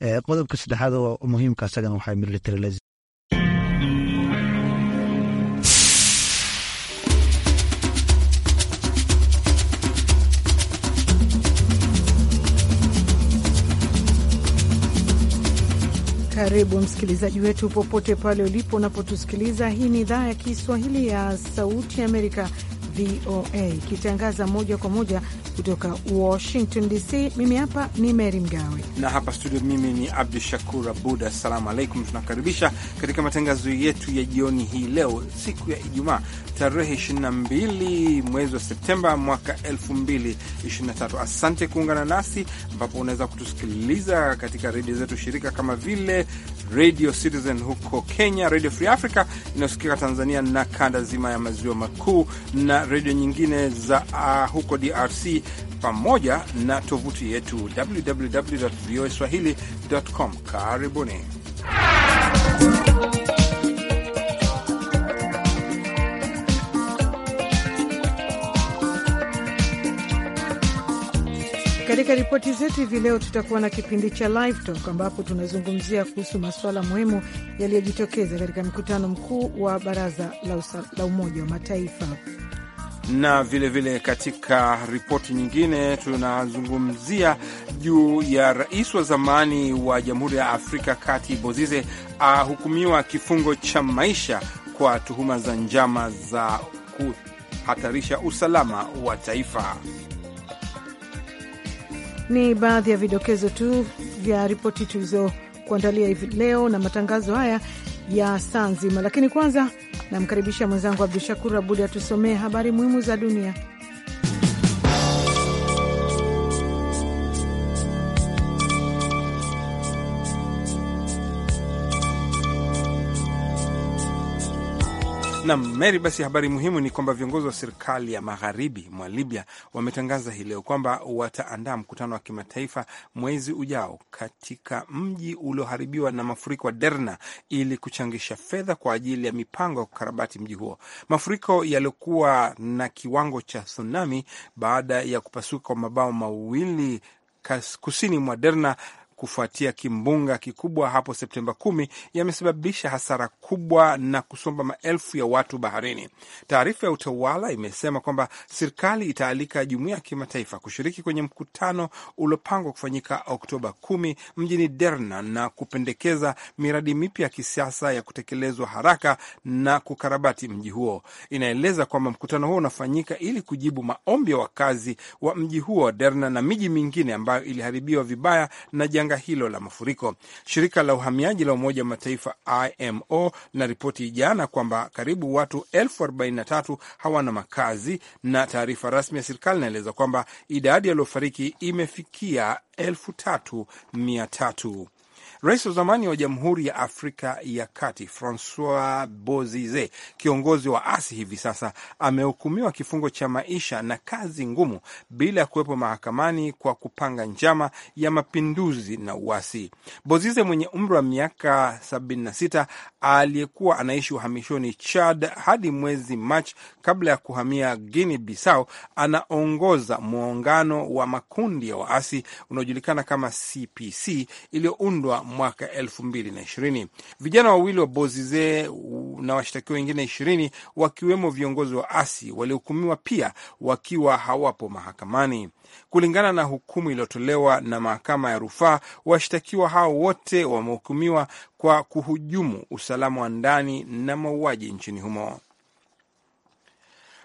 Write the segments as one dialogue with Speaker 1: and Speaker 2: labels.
Speaker 1: Eh, qodobka saddexaad oo muhiimka isagana waxaa mirlitirelezi ah
Speaker 2: Karibu msikilizaji wetu popote pale ulipo unapotusikiliza. Hii ni idhaa ya Kiswahili ya Sauti Amerika, VOA, ikitangaza moja kwa moja kutoka Washington DC, mimi hapa ni Mary Mgawe
Speaker 3: na hapa studio mimi ni Abdu Shakur Abud. Assalamu alaikum, tunakaribisha katika matangazo yetu ya jioni hii leo, siku ya Ijumaa tarehe 22 mwezi wa Septemba mwaka 2023. Asante kuungana nasi, ambapo unaweza kutusikiliza katika redio zetu shirika kama vile Radio Citizen huko Kenya, Radio Free Africa inayosikika Tanzania na kanda zima ya maziwa makuu, na redio nyingine za uh, huko DRC pamoja na tovuti yetu www voa swahili.com. Karibuni.
Speaker 2: Katika ripoti zetu hivi leo, tutakuwa na kipindi cha Live Talk ambapo tunazungumzia kuhusu masuala muhimu yaliyojitokeza katika mkutano mkuu wa Baraza la, Usa, la Umoja wa Mataifa
Speaker 3: na vilevile vile katika ripoti nyingine tunazungumzia juu ya rais wa zamani wa Jamhuri ya Afrika Kati Bozize ahukumiwa kifungo cha maisha kwa tuhuma za njama za kuhatarisha usalama wa taifa.
Speaker 2: Ni baadhi ya vidokezo tu vya ripoti tulizokuandalia hivi leo na matangazo haya ya saa nzima, lakini kwanza Namkaribisha mwenzangu Abdu Shakur Abud atusomee habari muhimu za dunia.
Speaker 3: Nam Meri. Basi habari muhimu ni kwamba viongozi wa serikali ya magharibi mwa Libya wametangaza hii leo kwamba wataandaa mkutano wa kimataifa mwezi ujao katika mji ulioharibiwa na mafuriko wa Derna ili kuchangisha fedha kwa ajili ya mipango ya kukarabati mji huo. Mafuriko yaliyokuwa na kiwango cha tsunami baada ya kupasuka kwa mabao mawili kusini mwa Derna kufuatia kimbunga kikubwa hapo Septemba kumi yamesababisha hasara kubwa na kusomba maelfu ya watu baharini. Taarifa ya utawala imesema kwamba serikali itaalika jumuiya ya kimataifa kushiriki kwenye mkutano uliopangwa kufanyika Oktoba kumi mjini Derna na kupendekeza miradi mipya ya kisiasa ya kutekelezwa haraka na kukarabati mji huo. Inaeleza kwamba mkutano huo unafanyika ili kujibu maombi ya wakazi wa mji huo Derna na miji mingine ambayo iliharibiwa vibaya na janga janga hilo la mafuriko. Shirika la uhamiaji la Umoja wa Mataifa IMO linaripoti jana kwamba karibu watu elfu arobaini na tatu hawana makazi, na taarifa rasmi ya serikali inaeleza kwamba idadi yaliyofariki imefikia elfu tatu mia tatu. Rais wa zamani wa Jamhuri ya Afrika ya Kati Francois Bozize, kiongozi wa asi hivi sasa, amehukumiwa kifungo cha maisha na kazi ngumu bila ya kuwepo mahakamani kwa kupanga njama ya mapinduzi na uasi. Bozize mwenye umri wa miaka 76 aliyekuwa anaishi uhamishoni Chad hadi mwezi Machi kabla ya kuhamia Guinea Bissau, anaongoza muungano wa makundi ya waasi unaojulikana kama CPC iliyoundwa mwaka elfu mbili na ishirini. Vijana wawili wa Bozize na washtakiwa wengine ishirini wakiwemo viongozi wa asi walihukumiwa pia wakiwa hawapo mahakamani. Kulingana na hukumu iliyotolewa na mahakama ya rufaa, washtakiwa hao wote wamehukumiwa kwa kuhujumu usalama wa ndani na mauaji nchini humo.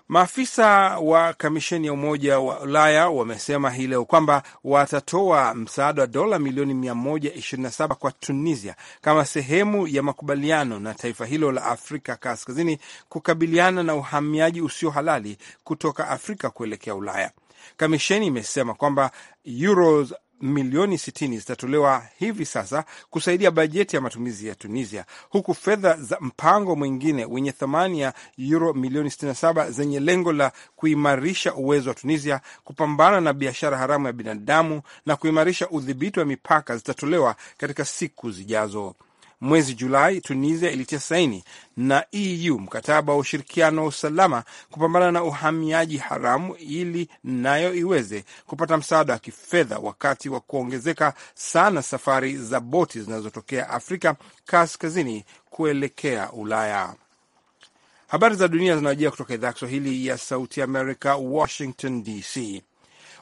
Speaker 3: Maafisa wa kamisheni ya Umoja wa Ulaya wamesema hii leo kwamba watatoa msaada wa dola milioni 127 kwa Tunisia kama sehemu ya makubaliano na taifa hilo la Afrika Kaskazini kukabiliana na uhamiaji usio halali kutoka Afrika kuelekea Ulaya. Kamisheni imesema kwamba euros milioni 60 zitatolewa hivi sasa kusaidia bajeti ya matumizi ya Tunisia, huku fedha za mpango mwingine wenye thamani ya euro milioni 67 zenye lengo la kuimarisha uwezo wa Tunisia kupambana na biashara haramu ya binadamu na kuimarisha udhibiti wa mipaka zitatolewa katika siku zijazo. Mwezi Julai, Tunisia ilitia saini na EU mkataba wa ushirikiano wa usalama kupambana na uhamiaji haramu, ili nayo iweze kupata msaada wa kifedha wakati wa kuongezeka sana safari za boti zinazotokea Afrika kaskazini kuelekea Ulaya. Habari za dunia zinawajia kutoka idhaa ya Kiswahili ya Sauti Amerika, Washington DC.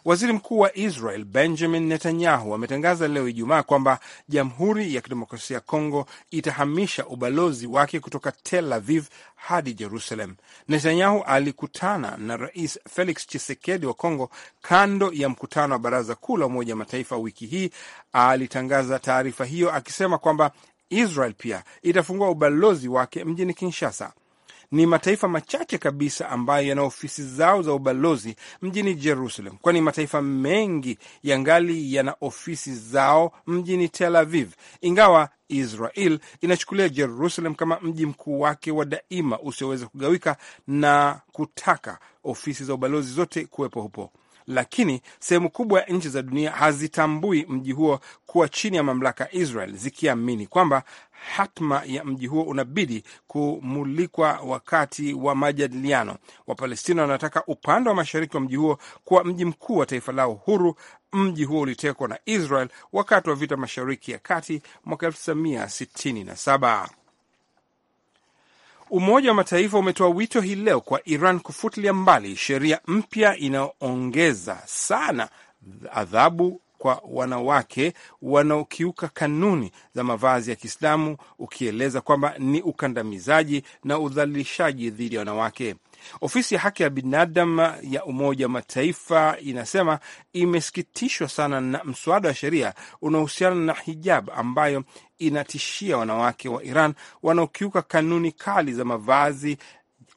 Speaker 3: Waziri mkuu wa Israel Benjamin Netanyahu ametangaza leo Ijumaa kwamba Jamhuri ya Kidemokrasia ya Kongo itahamisha ubalozi wake kutoka Tel Aviv hadi Jerusalem. Netanyahu alikutana na Rais Felix Tshisekedi wa Kongo kando ya mkutano wa Baraza Kuu la Umoja wa Mataifa wiki hii. Alitangaza taarifa hiyo akisema kwamba Israel pia itafungua ubalozi wake mjini Kinshasa ni mataifa machache kabisa ambayo yana ofisi zao za ubalozi mjini Jerusalem, kwani mataifa mengi yangali yana ofisi zao mjini Tel Aviv, ingawa Israel inachukulia Jerusalem kama mji mkuu wake wa daima usioweza kugawika na kutaka ofisi za ubalozi zote kuwepo hupo lakini sehemu kubwa ya nchi za dunia hazitambui mji huo kuwa chini ya mamlaka ya Israel, zikiamini kwamba hatma ya mji huo unabidi kumulikwa wakati wa majadiliano. Wapalestina wanataka upande wa mashariki wa mji huo kuwa mji mkuu wa taifa lao huru. Mji huo ulitekwa na Israel wakati wa vita mashariki ya kati mwaka 1967. Umoja wa Mataifa umetoa wito hii leo kwa Iran kufutilia mbali sheria mpya inayoongeza sana adhabu kwa wanawake wanaokiuka kanuni za mavazi ya Kiislamu ukieleza kwamba ni ukandamizaji na udhalilishaji dhidi ya wanawake. Ofisi ya haki ya binadamu ya Umoja wa Mataifa inasema imesikitishwa sana na mswada wa sheria unaohusiana na hijab ambayo inatishia wanawake wa Iran wanaokiuka kanuni kali za mavazi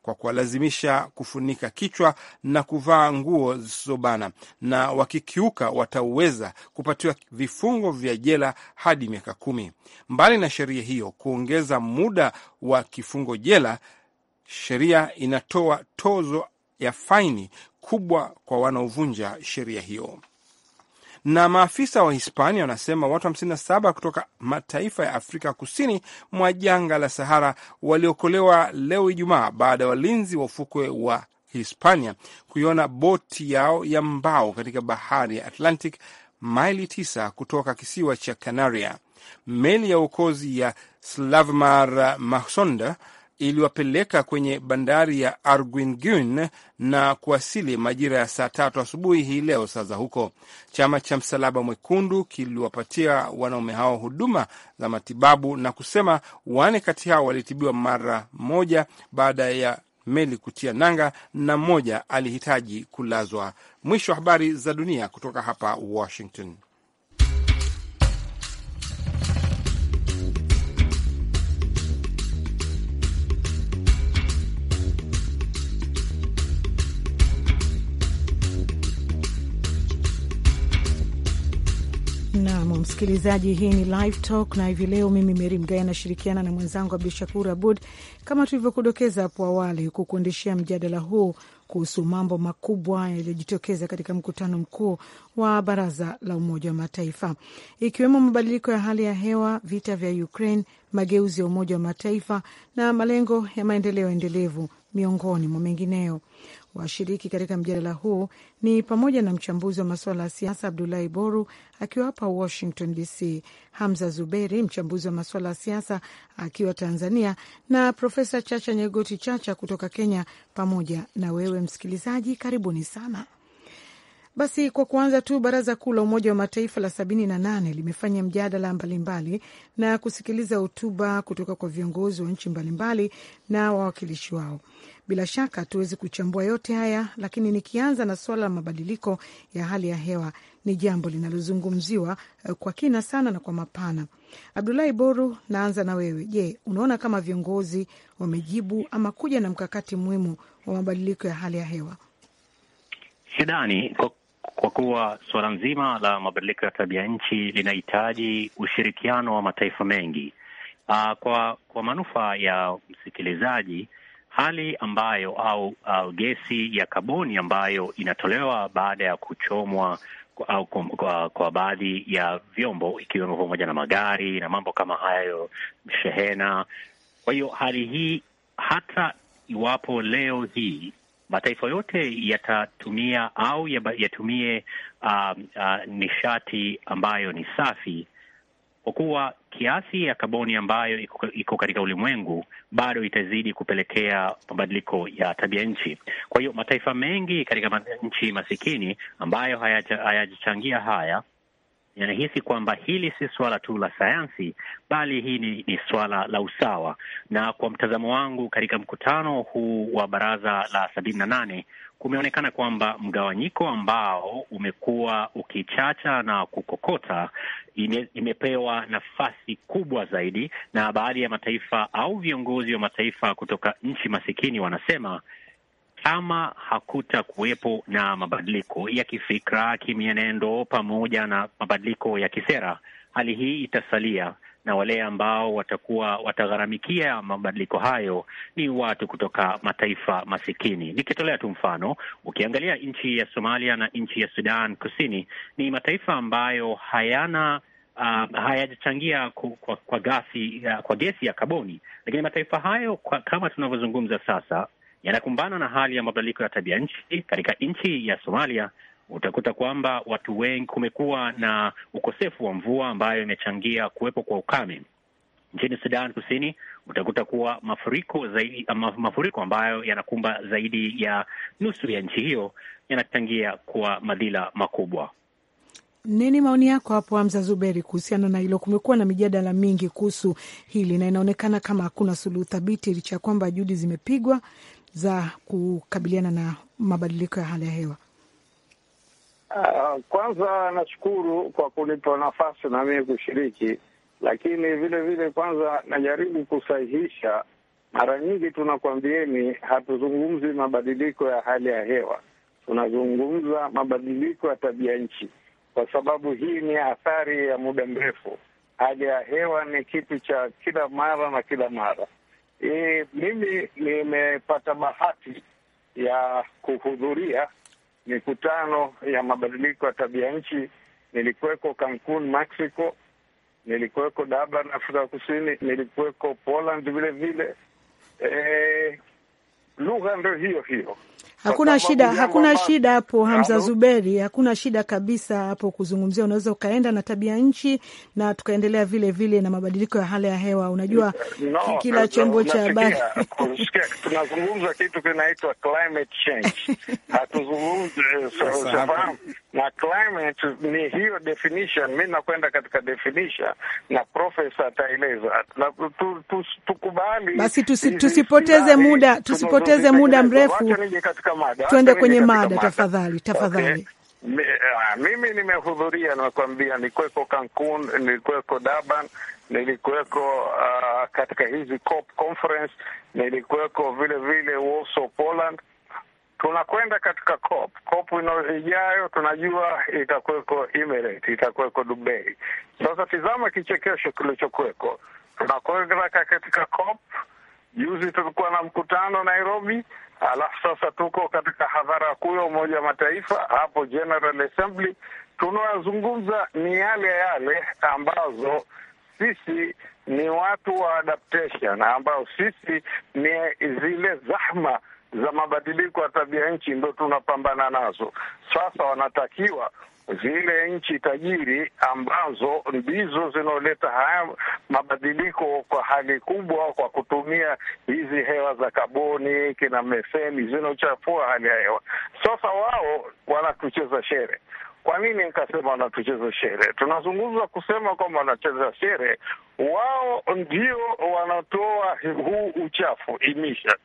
Speaker 3: kwa kuwalazimisha kufunika kichwa na kuvaa nguo zisizobana, na wakikiuka wataweza kupatiwa vifungo vya jela hadi miaka kumi. Mbali na sheria hiyo kuongeza muda wa kifungo jela sheria inatoa tozo ya faini kubwa kwa wanaovunja sheria hiyo. Na maafisa wa Hispania wanasema watu 57 kutoka mataifa ya Afrika kusini mwa janga la Sahara waliokolewa leo Ijumaa baada ya walinzi wa ufukwe wa Hispania kuiona boti yao ya mbao katika bahari ya Atlantic maili 9 kutoka kisiwa cha Canaria. Meli ya uokozi ya Slavomar Mahsonda iliwapeleka kwenye bandari ya Arguingun na kuwasili majira ya saa tatu asubuhi hii leo saa za huko. Chama cha Msalaba Mwekundu kiliwapatia wanaume hao huduma za matibabu na kusema wane kati yao walitibiwa mara moja baada ya meli kutia nanga na mmoja alihitaji kulazwa. Mwisho wa habari za dunia kutoka hapa Washington.
Speaker 2: msikilizaji, hii ni Live Talk na hivi leo mimi Meri Mgae anashirikiana na mwenzangu Abdu Shakur Abud kama tulivyokudokeza hapo awali, kukuendeshea mjadala huu kuhusu mambo makubwa yaliyojitokeza katika mkutano mkuu wa Baraza la Umoja wa Mataifa, ikiwemo mabadiliko ya hali ya hewa, vita vya Ukraine, mageuzi ya Umoja wa Mataifa na malengo ya maendeleo endelevu miongoni mwa mengineyo. Washiriki katika mjadala huu ni pamoja na mchambuzi wa masuala ya siasa Abdulahi Boru akiwa hapa Washington DC, Hamza Zuberi, mchambuzi wa masuala ya siasa akiwa Tanzania, na Profesa Chacha Nyegoti Chacha kutoka Kenya, pamoja na wewe msikilizaji. Karibuni sana. Basi kwa kuanza tu, baraza kuu la Umoja wa Mataifa la sabini na nane limefanya mjadala mbalimbali na kusikiliza hotuba kutoka kwa viongozi wa nchi mbalimbali na wawakilishi wao. Bila shaka tuwezi kuchambua yote haya, lakini nikianza na suala la mabadiliko ya hali ya hewa, ni jambo linalozungumziwa eh, kwa kina sana na kwa mapana. Abdulahi Boru, naanza na wewe. Je, unaona kama viongozi wamejibu ama kuja na mkakati muhimu wa mabadiliko ya hali ya hewa?
Speaker 4: Sidhani, kwa kuwa suala nzima la mabadiliko ya tabia nchi linahitaji ushirikiano wa mataifa mengi. Aa, ah, kwa kwa manufaa ya msikilizaji hali ambayo au, au gesi ya kaboni ambayo inatolewa baada ya kuchomwa au kwa, kwa, kwa baadhi ya vyombo ikiwemo pamoja na magari na mambo kama hayo, shehena. Kwa hiyo hali hii, hata iwapo leo hii mataifa yote yatatumia au yatumie uh, uh, nishati ambayo ni safi kwa kuwa kiasi ya kaboni ambayo iko katika ulimwengu bado itazidi kupelekea mabadiliko ya tabia nchi. Kwa hiyo mataifa mengi katika nchi masikini ambayo hayajachangia haya yanahisi kwamba hili si suala tu la sayansi, bali hii ni, ni suala la usawa. Na kwa mtazamo wangu, katika mkutano huu wa baraza la sabini na nane kumeonekana kwamba mgawanyiko ambao umekuwa ukichacha na kukokota ime, imepewa nafasi kubwa zaidi, na baadhi ya mataifa au viongozi wa mataifa kutoka nchi masikini wanasema kama hakuta kuwepo na mabadiliko ya kifikra, kimienendo, pamoja na mabadiliko ya kisera, hali hii itasalia na wale ambao watakuwa watagharamikia mabadiliko hayo ni watu kutoka mataifa masikini. Nikitolea tu mfano, ukiangalia nchi ya Somalia na nchi ya Sudan Kusini ni mataifa ambayo hayana Uh, hayajachangia kwa, kwa gasi uh, kwa gesi ya kaboni, lakini mataifa hayo kwa, kama tunavyozungumza sasa yanakumbana na hali ya mabadiliko ya tabia nchi. Katika nchi ya Somalia utakuta kwamba watu wengi, kumekuwa na ukosefu wa mvua ambayo imechangia kuwepo kwa ukame nchini Sudan Kusini. Utakuta kuwa mafuriko zaidi, ah, mafuriko ambayo yanakumba zaidi ya nusu ya nchi hiyo yanachangia kwa madhila makubwa.
Speaker 2: Nini maoni yako hapo Hamza Zuberi kuhusiana na hilo? Kumekuwa na mijadala mingi kuhusu hili na inaonekana kama hakuna suluhu thabiti, licha ya kwamba juhudi zimepigwa za kukabiliana na mabadiliko ya hali ya hewa.
Speaker 5: Ah, kwanza nashukuru kwa kunipa nafasi na mimi kushiriki, lakini vile vile kwanza najaribu kusahihisha. Mara nyingi tunakwambieni hatuzungumzi mabadiliko ya hali ya hewa, tunazungumza mabadiliko ya tabia nchi, kwa sababu hii ni athari ya muda mrefu. Hali ya hewa ni kitu cha kila mara na kila mara. E, mimi nimepata bahati ya kuhudhuria mikutano ya mabadiliko ya tabia nchi. Nilikuweko Cancun, Mexico, nilikuweko Durban, Afrika Kusini, nilikuweko Poland vile vile. E, lugha ndo hiyo hiyo Hakuna shida, hakuna shida
Speaker 2: hapo Hamza Zuberi, hakuna shida kabisa hapo kuzungumzia. Unaweza ukaenda na tabia nchi na tukaendelea vile vile na mabadiliko ya hali ya hewa. Unajua no, kila chombo cha habari
Speaker 5: tunazungumza kitu kinaitwa climate change, hatuzungumzi eh, na climate ni hiyo definition. Mi nakwenda katika definition
Speaker 2: na profesa ataeleza, tukubali basi tusi, tusipoteze muda tusipoteze muda mrefu, tuende kwenye mada tafadhali, tafadhali okay.
Speaker 5: Mi, uh, mimi nimehudhuria, nimekuambia nikuweko Cancun, nilikuweko Durban, nilikuweko uh, katika hizi COP conference, nilikuweko vile vile Warsaw, Poland tunakwenda katika COP COP inayoijayo tunajua itakuweko Emirates, itakuweko Dubai. Sasa tizama kichekesho kilichokuweko. Tunakwenda katika COP. Juzi tulikuwa na mkutano Nairobi, alafu sasa tuko katika hadhara kuu ya Umoja wa Mataifa hapo General Assembly. Tunayozungumza ni yale yale ambazo sisi ni watu wa adaptation, ambao sisi ni zile zahma za mabadiliko ya tabia nchi ndo tunapambana nazo. Sasa wanatakiwa zile nchi tajiri ambazo ndizo zinaoleta haya mabadiliko kwa hali kubwa, kwa kutumia hizi hewa za kaboni, kina meseni zinaochafua hali ya hewa. Sasa wao wanatucheza shere. Kwa nini nikasema wanatucheza shere? Tunazungumza kusema kwamba wanacheza shere wao ndio wanatoa huu uchafu imisha.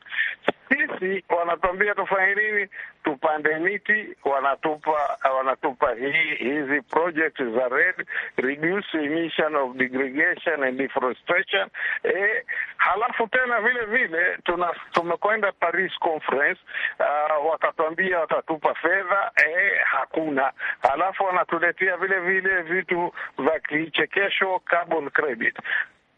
Speaker 5: Sisi wanatuambia tufanye nini? Tupande miti, wanatupa wanatupa hii hizi project za red reduce emission of degradation and deforestation. E, halafu tena vile vile tuna tumekwenda Paris conference uh, wakatuambia watatupa fedha e, hakuna. Halafu wanatuletea vile vile vitu vya kichekesho carbon credit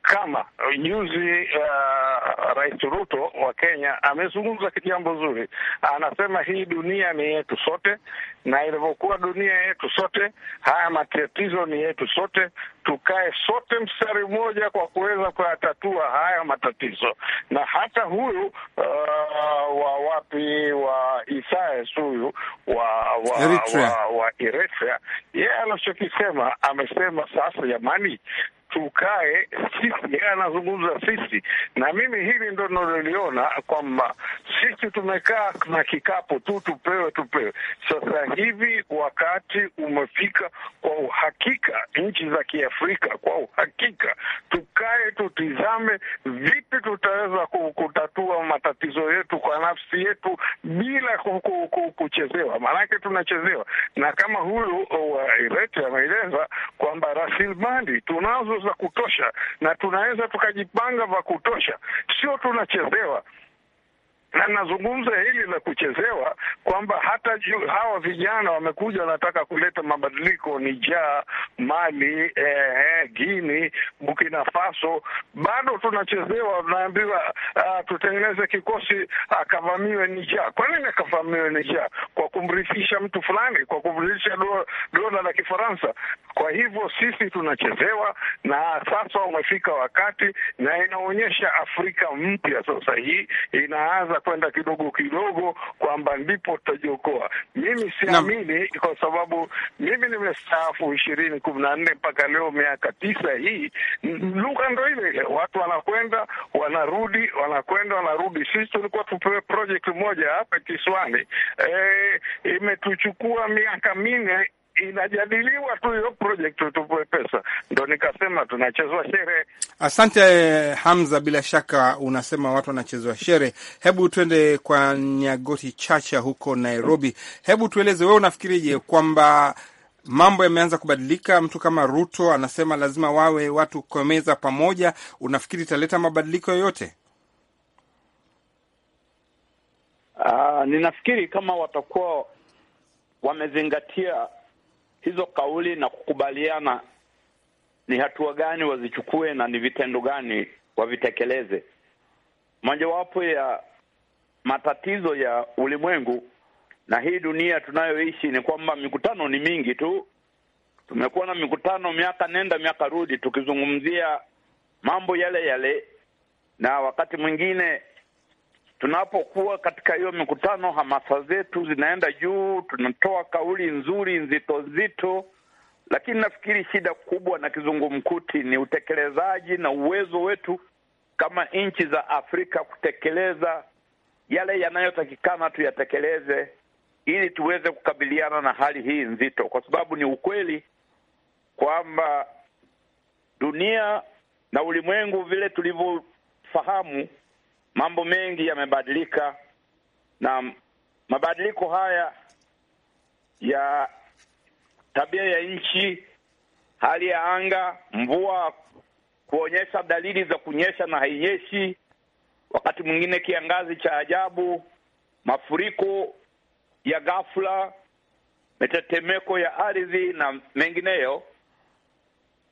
Speaker 5: kama juzi uh, Rais Ruto wa Kenya amezungumza kijambo zuri, anasema hii dunia ni yetu sote, na ilivyokuwa dunia yetu sote, haya matatizo ni yetu sote. Tukae sote mstari mmoja kwa kuweza kuyatatua haya matatizo. Na hata huyu uh, wa wapi wa Isaias huyu wa wa, wa, wa, wa Eritrea, yeye anachokisema amesema, sasa jamani, tukae sisi, anazungumza sisi, na mimi hili ndo naloliona kwamba sisi tumekaa na kikapu tu, tupewe tupewe. Sasa hivi wakati umefika kwa uhakika, nchi za Kiafrika kwa uhakika, tukae tutizame vipi tutaweza kutatua matatizo yetu kwa nafsi yetu bila kuchezewa, maanake tunachezewa, na kama huyu uh, wa ameeleza kwamba rasilimali tunazo za kutosha, na tunaweza tukajipanga vya kutosha, sio tunachezewa na nazungumza hili la kuchezewa kwamba hata ju, hawa vijana wamekuja wanataka kuleta mabadiliko ja Mali, eh, Gini, Burkina Faso, bado tunachezewa, tunaambiwa uh, ah, tutengeneze kikosi akavamiwe uh, ja. Kwa nini akavamiwe ja? Kwa kumrithisha mtu fulani, kwa kumrithisha dola la Kifaransa. Kwa hivyo sisi tunachezewa, na sasa umefika wakati, na inaonyesha Afrika mpya sasa hii inaanza tunaanza kwenda kidogo kidogo, kwamba ndipo tutajiokoa. Mimi siamini, kwa sababu mimi nimestaafu ishirini kumi na nne mpaka leo miaka tisa hii, lugha ndo ile ile, watu wanakwenda wanarudi, wanakwenda wanarudi. Sisi tulikuwa tupewe project moja hapa Kiswani, e, eh, imetuchukua miaka minne inajadiliwa tu hiyo project tutupe pesa, ndo nikasema tunachezwa shere.
Speaker 3: Asante eh, Hamza, bila shaka unasema watu wanachezwa shere. Hebu twende kwa Nyagoti Chacha huko Nairobi. Hebu tueleze wewe unafikirije kwamba mambo yameanza kubadilika. Mtu kama Ruto anasema lazima wawe watu kwa pamoja. Unafikiri italeta mabadiliko yoyote?
Speaker 6: Uh, ninafikiri kama watakuwa wamezingatia hizo kauli na kukubaliana ni hatua gani wazichukue na ni vitendo gani wavitekeleze. Mojawapo ya matatizo ya ulimwengu na hii dunia tunayoishi ni kwamba mikutano ni mingi tu. Tumekuwa na mikutano miaka nenda miaka rudi, tukizungumzia mambo yale yale, na wakati mwingine tunapokuwa katika hiyo mikutano, hamasa zetu zinaenda juu, tunatoa kauli nzuri nzito nzito, lakini nafikiri shida kubwa na kizungumkuti ni utekelezaji na uwezo wetu kama nchi za Afrika kutekeleza yale yanayotakikana tuyatekeleze, ili tuweze kukabiliana na hali hii nzito, kwa sababu ni ukweli kwamba dunia na ulimwengu vile tulivyofahamu Mambo mengi yamebadilika, na mabadiliko haya ya tabia ya nchi, hali ya anga, mvua kuonyesha dalili za kunyesha na hainyeshi, wakati mwingine kiangazi cha ajabu, mafuriko ya ghafla, mitetemeko ya ardhi na mengineyo.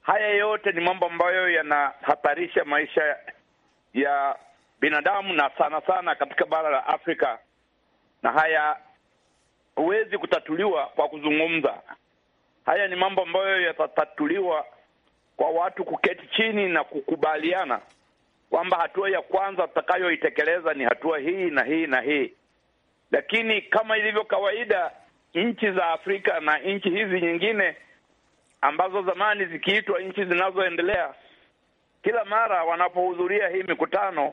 Speaker 6: Haya yote ni mambo ambayo yanahatarisha maisha ya binadamu na sana sana katika bara la Afrika, na haya huwezi kutatuliwa kwa kuzungumza. Haya ni mambo ambayo yatatatuliwa kwa watu kuketi chini na kukubaliana kwamba hatua ya kwanza tutakayoitekeleza ni hatua hii na hii na hii. Lakini kama ilivyo kawaida, nchi za Afrika na nchi hizi nyingine ambazo zamani zikiitwa nchi zinazoendelea, kila mara wanapohudhuria hii mikutano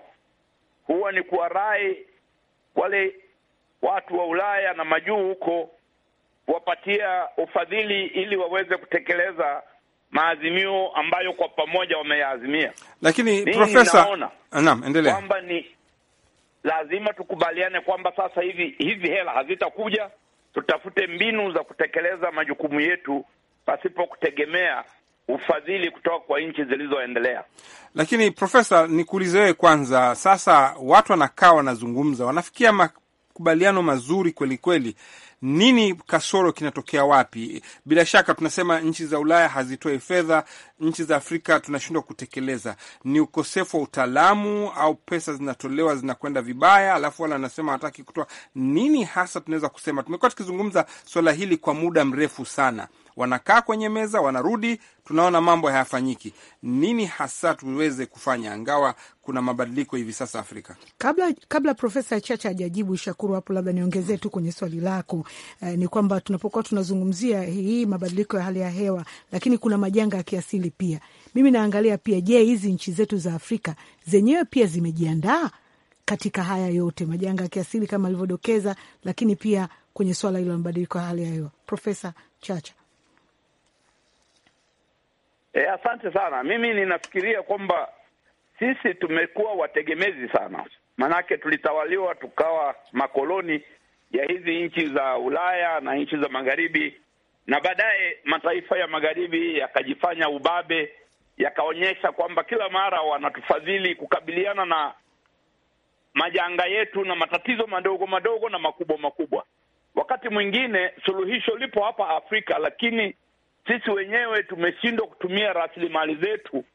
Speaker 6: huwa ni kuwarai wale watu wa Ulaya na majuu huko kuwapatia ufadhili ili waweze kutekeleza maazimio ambayo kwa pamoja wameyaazimia. Lakini profesa,
Speaker 3: naam, endelea
Speaker 6: kwamba ni lazima tukubaliane kwamba sasa hivi hizi hela hazitakuja, tutafute mbinu za kutekeleza majukumu yetu pasipo kutegemea ufadhili kutoka kwa nchi zilizoendelea.
Speaker 3: Lakini profesa, nikuulize wewe kwanza, sasa watu wanakaa wanazungumza, wanafikia makubaliano mazuri kweli kweli, nini kasoro kinatokea wapi? Bila shaka tunasema nchi za Ulaya hazitoi fedha, nchi za Afrika tunashindwa kutekeleza. Ni ukosefu wa utaalamu au pesa zinatolewa zinakwenda vibaya, alafu wala wanasema hawataki kutoa? Nini hasa tunaweza kusema? Tumekuwa tukizungumza swala hili kwa muda mrefu sana wanakaa kwenye meza, wanarudi, tunaona mambo hayafanyiki. Nini hasa tuweze kufanya, angawa kuna mabadiliko hivi sasa Afrika?
Speaker 2: Kabla kabla Profesa Chacha hajajibu, Shakuru, hapo labda niongezee tu kwenye swali lako eh, ni kwamba tunapokuwa tunazungumzia hii mabadiliko ya hali ya hewa, lakini kuna majanga ya kiasili pia. Mimi naangalia pia, je, hizi nchi zetu za Afrika zenyewe pia zimejiandaa katika haya yote majanga ya kiasili kama alivyodokeza, lakini pia kwenye swala hilo la mabadiliko ya hali ya hewa. Profesa Chacha.
Speaker 6: E, asante sana. Mimi ninafikiria kwamba sisi tumekuwa wategemezi sana, maanake tulitawaliwa tukawa makoloni ya hizi nchi za Ulaya na nchi za magharibi, na baadaye mataifa ya magharibi yakajifanya ubabe, yakaonyesha kwamba kila mara wanatufadhili kukabiliana na majanga yetu na matatizo madogo madogo na makubwa makubwa. Wakati mwingine suluhisho lipo hapa Afrika, lakini sisi wenyewe tumeshindwa kutumia rasilimali zetu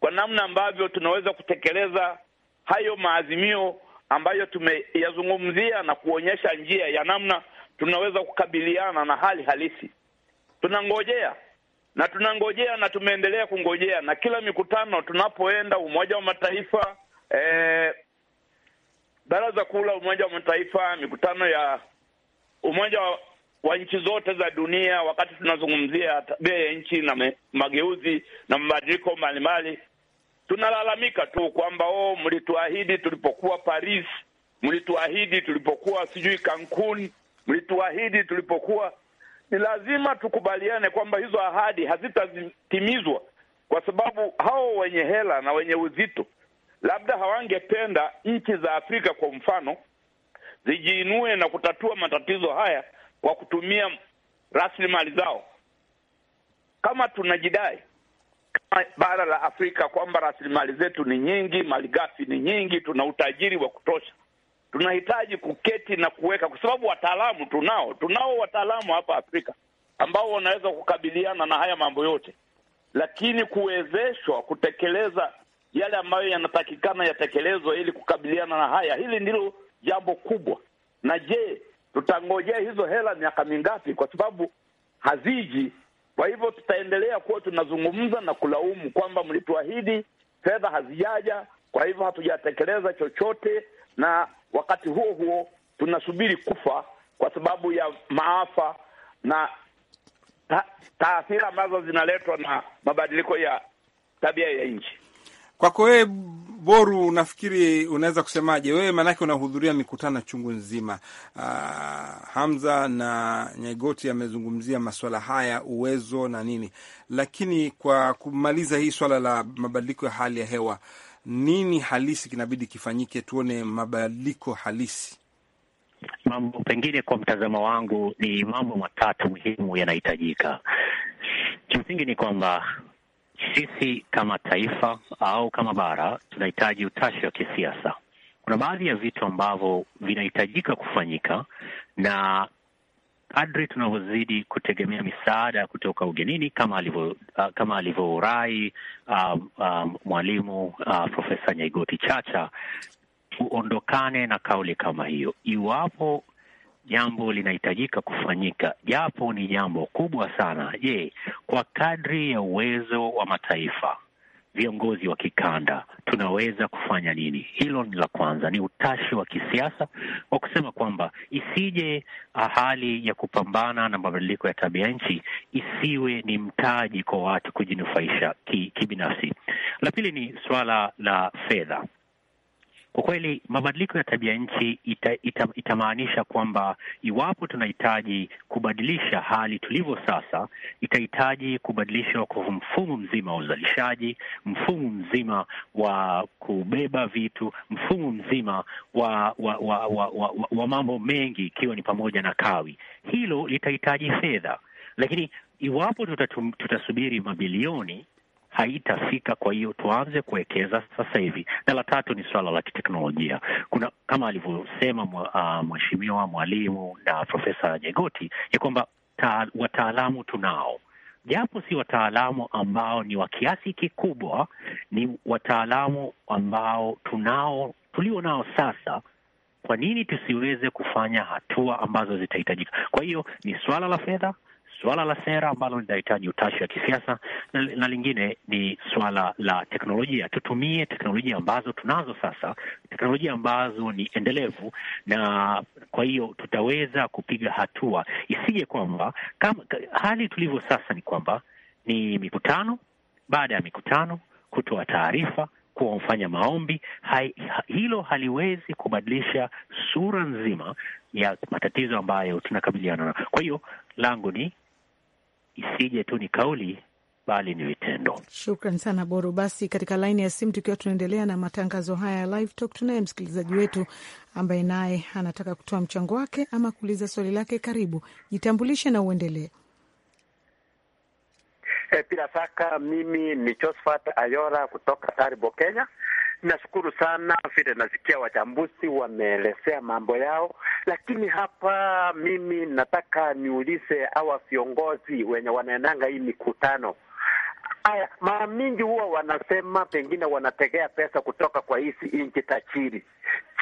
Speaker 6: kwa namna ambavyo tunaweza kutekeleza hayo maazimio ambayo tumeyazungumzia na kuonyesha njia ya namna tunaweza kukabiliana na hali halisi. Tunangojea na tunangojea na tumeendelea kungojea, na kila mikutano tunapoenda Umoja wa Mataifa, eh, Baraza Kuu la Umoja wa Mataifa, mikutano ya Umoja wa wa nchi zote za dunia, wakati tunazungumzia tabia ya nchi na mageuzi na mabadiliko mbalimbali, tunalalamika tu kwamba oh, mlituahidi tulipokuwa Paris, mlituahidi tulipokuwa sijui Cancun, mlituahidi tulipokuwa. Ni lazima tukubaliane kwamba hizo ahadi hazitatimizwa, kwa sababu hao wenye hela na wenye uzito labda hawangependa nchi za Afrika kwa mfano zijiinue na kutatua matatizo haya kwa kutumia rasilimali zao. Kama tunajidai kama bara la Afrika kwamba rasilimali zetu ni nyingi, malighafi ni nyingi, tuna utajiri wa kutosha, tunahitaji kuketi na kuweka, kwa sababu wataalamu tunao, tunao wataalamu hapa Afrika ambao wanaweza kukabiliana na haya mambo yote, lakini kuwezeshwa kutekeleza yale ambayo yanatakikana yatekelezwe ili kukabiliana na haya, hili ndilo jambo kubwa. Na je, tutangojea hizo hela miaka mingapi? Kwa sababu haziji. Kwa hivyo tutaendelea kuwa tunazungumza na kulaumu kwamba mlituahidi fedha hazijaja, kwa hivyo hatujatekeleza chochote, na wakati huo huo tunasubiri kufa kwa sababu ya maafa na ta taathira ambazo zinaletwa na mabadiliko ya tabia ya nchi.
Speaker 3: Kwako wewe Boru, unafikiri unaweza kusemaje wewe, maanake unahudhuria mikutano chungu nzima. Uh, Hamza na Nyegoti amezungumzia maswala haya, uwezo na nini, lakini kwa kumaliza hii swala la mabadiliko ya hali ya hewa, nini halisi kinabidi kifanyike, tuone mabadiliko
Speaker 4: halisi? Mambo pengine kwa mtazamo wangu ni mambo matatu muhimu yanahitajika. Kimsingi ni kwamba sisi kama taifa au kama bara tunahitaji utashi wa kisiasa. Kuna baadhi ya vitu ambavyo vinahitajika kufanyika na kadri tunavyozidi kutegemea misaada kutoka ugenini kama alivyo kama alivyorai uh, uh, mwalimu uh, Profesa Nyaigoti Chacha, tuondokane na kauli kama hiyo. Iwapo jambo linahitajika kufanyika, japo ni jambo kubwa sana. Je, kwa kadri ya uwezo wa mataifa, viongozi wa kikanda tunaweza kufanya nini? Hilo ni la kwanza, ni utashi wa kisiasa wa kusema kwamba isije ah, hali ya kupambana na mabadiliko ya tabia nchi isiwe ni mtaji kwa watu kujinufaisha kibinafsi. Ki la pili ni suala la fedha. Kwa kweli mabadiliko ya tabia nchi itamaanisha ita, ita kwamba iwapo tunahitaji kubadilisha hali tulivyo sasa, itahitaji kubadilishwa kwa mfumo mzima wa uzalishaji, mfumo mzima wa kubeba vitu, mfumo mzima wa wa, wa, wa, wa, wa, wa mambo mengi, ikiwa ni pamoja na kawi. Hilo litahitaji fedha, lakini iwapo tutatum, tutasubiri mabilioni haitafika. Kwa hiyo tuanze kuwekeza sasa hivi, na la tatu ni swala la kiteknolojia. Kuna kama alivyosema ah, mheshimiwa uh, mwalimu na Profesa Jegoti ya kwamba wataalamu tunao japo si wataalamu ambao ni wa kiasi kikubwa, ni wataalamu ambao tunao tulio nao sasa. Kwa nini tusiweze kufanya hatua ambazo zitahitajika? Kwa hiyo ni swala la fedha, suala la sera ambalo linahitaji utashi wa kisiasa na, na lingine ni suala la teknolojia. Tutumie teknolojia ambazo tunazo sasa, teknolojia ambazo ni endelevu, na kwa hiyo tutaweza kupiga hatua, isije kwamba kama hali tulivyo sasa ni kwamba ni mikutano baada ya mikutano, kutoa taarifa kuwa wamefanya maombi hai, hilo haliwezi kubadilisha sura nzima ya matatizo ambayo tunakabiliana nayo. Kwa hiyo langu ni isije tu ni kauli bali ni vitendo.
Speaker 2: Shukran sana Boru. Basi katika laini ya simu tukiwa tunaendelea na matangazo haya ya Live Talk, tunaye msikilizaji wetu ambaye naye anataka kutoa mchango wake ama kuuliza swali lake. Karibu, jitambulishe na uendelee.
Speaker 1: E, bila shaka mimi ni Josephat Ayora kutoka Taribo, Kenya. Nashukuru sana vile nasikia wachambuzi wameelezea mambo yao, lakini hapa mimi nataka niulize hawa viongozi wenye wanaendanga hii mikutano Haya, mara mingi huwa wanasema pengine wanategea pesa kutoka kwa hizi nchi tajiri.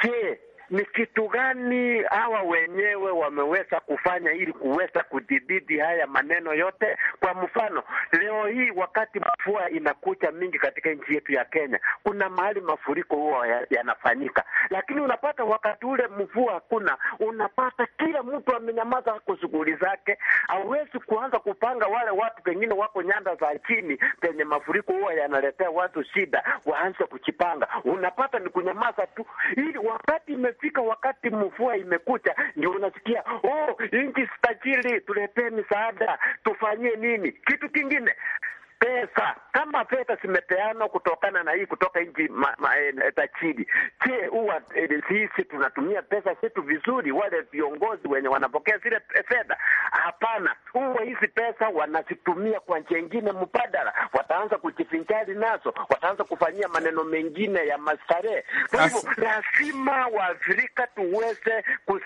Speaker 1: Je, ni kitu gani hawa wenyewe wameweza kufanya ili kuweza kudhibiti haya maneno yote? Kwa mfano, leo hii wakati mvua inakucha mingi katika nchi yetu ya Kenya, kuna mahali mafuriko huwa yanafanyika ya, lakini unapata wakati ule mvua hakuna, unapata kila mtu amenyamaza ako shughuli zake, hawezi kuanza kupanga wale watu pengine wako nyanda za chini penye mafuriko huwa yanaletea watu shida, waanze kujipanga. Unapata ni kunyamaza tu ili wakati me inafika wakati mvua imekuja, ndio unasikia oh, nchi stajili, tuletee misaada, tufanyie nini. Kitu kingine pesa kama pesa zimepeanwa kutokana na hii kutoka nchi eh, chini. je, huwa eh, sisi tunatumia pesa zetu vizuri? Wale viongozi wenye wanapokea zile fedha? Hapana, huwa hizi pesa wanazitumia kwa njia ingine mbadala, wataanza kujivinjari nazo, wataanza kufanyia maneno mengine ya mastarehe. Kwa hivyo lazima Waafrika tuweze ku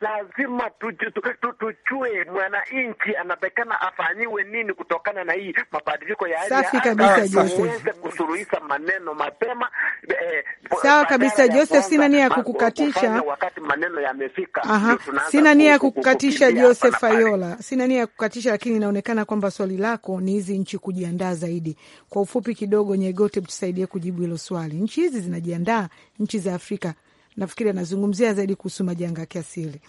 Speaker 1: lazima tujue mwananchi anatakikana afanyiwe nini
Speaker 6: kutokana na hii mapa mabadiliko ya hali ya anga Joseph, uweze kusuluhisha maneno mapema
Speaker 2: eh, sawa kabisa Joseph, sina nia ya kukukatisha wakati maneno yamefika. Aha, sina nia ya kukukatisha Joseph Ayola, sina nia ya kukatisha, lakini inaonekana kwamba swali lako ni hizi nchi kujiandaa zaidi. Kwa ufupi kidogo, Nyegote, tusaidie kujibu hilo swali. Nchi hizi zinajiandaa, nchi za Afrika nafikiri anazungumzia zaidi kuhusu majanga ya kiasili.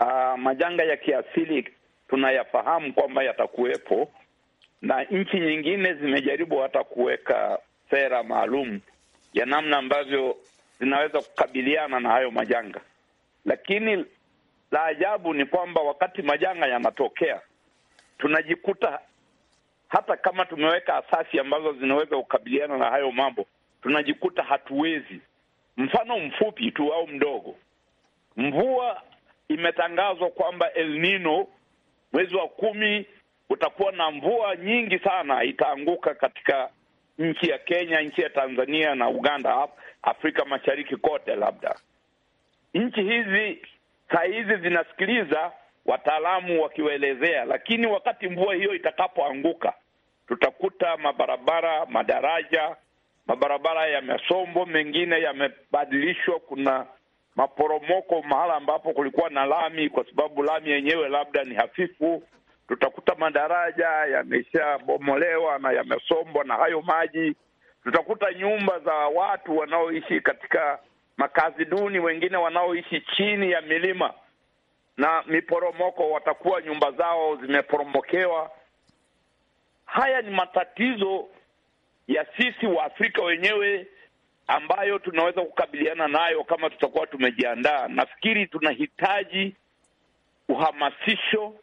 Speaker 6: Uh, majanga ya kiasili tunayafahamu kwamba yatakuwepo, na nchi nyingine zimejaribu hata kuweka sera maalum ya namna ambavyo zinaweza kukabiliana na hayo majanga, lakini la ajabu ni kwamba wakati majanga yanatokea tunajikuta hata kama tumeweka asasi ambazo zinaweza kukabiliana na hayo mambo, tunajikuta hatuwezi. Mfano mfupi tu au mdogo, mvua imetangazwa kwamba El Nino mwezi wa kumi utakuwa na mvua nyingi sana, itaanguka katika nchi ya Kenya, nchi ya Tanzania na Uganda, Afrika Mashariki kote. Labda nchi hizi saa hizi zinasikiliza wataalamu wakiwaelezea, lakini wakati mvua hiyo itakapoanguka, tutakuta mabarabara, madaraja, mabarabara ya masombo mengine yamebadilishwa, kuna maporomoko mahala ambapo kulikuwa na lami, kwa sababu lami yenyewe labda ni hafifu, tutakuta madaraja yameshabomolewa na yamesombwa na hayo maji. Tutakuta nyumba za watu wanaoishi katika makazi duni, wengine wanaoishi chini ya milima na miporomoko, watakuwa nyumba zao zimeporomokewa. Haya ni matatizo ya sisi wa afrika wenyewe ambayo tunaweza kukabiliana nayo kama tutakuwa tumejiandaa. Nafikiri tunahitaji uhamasisho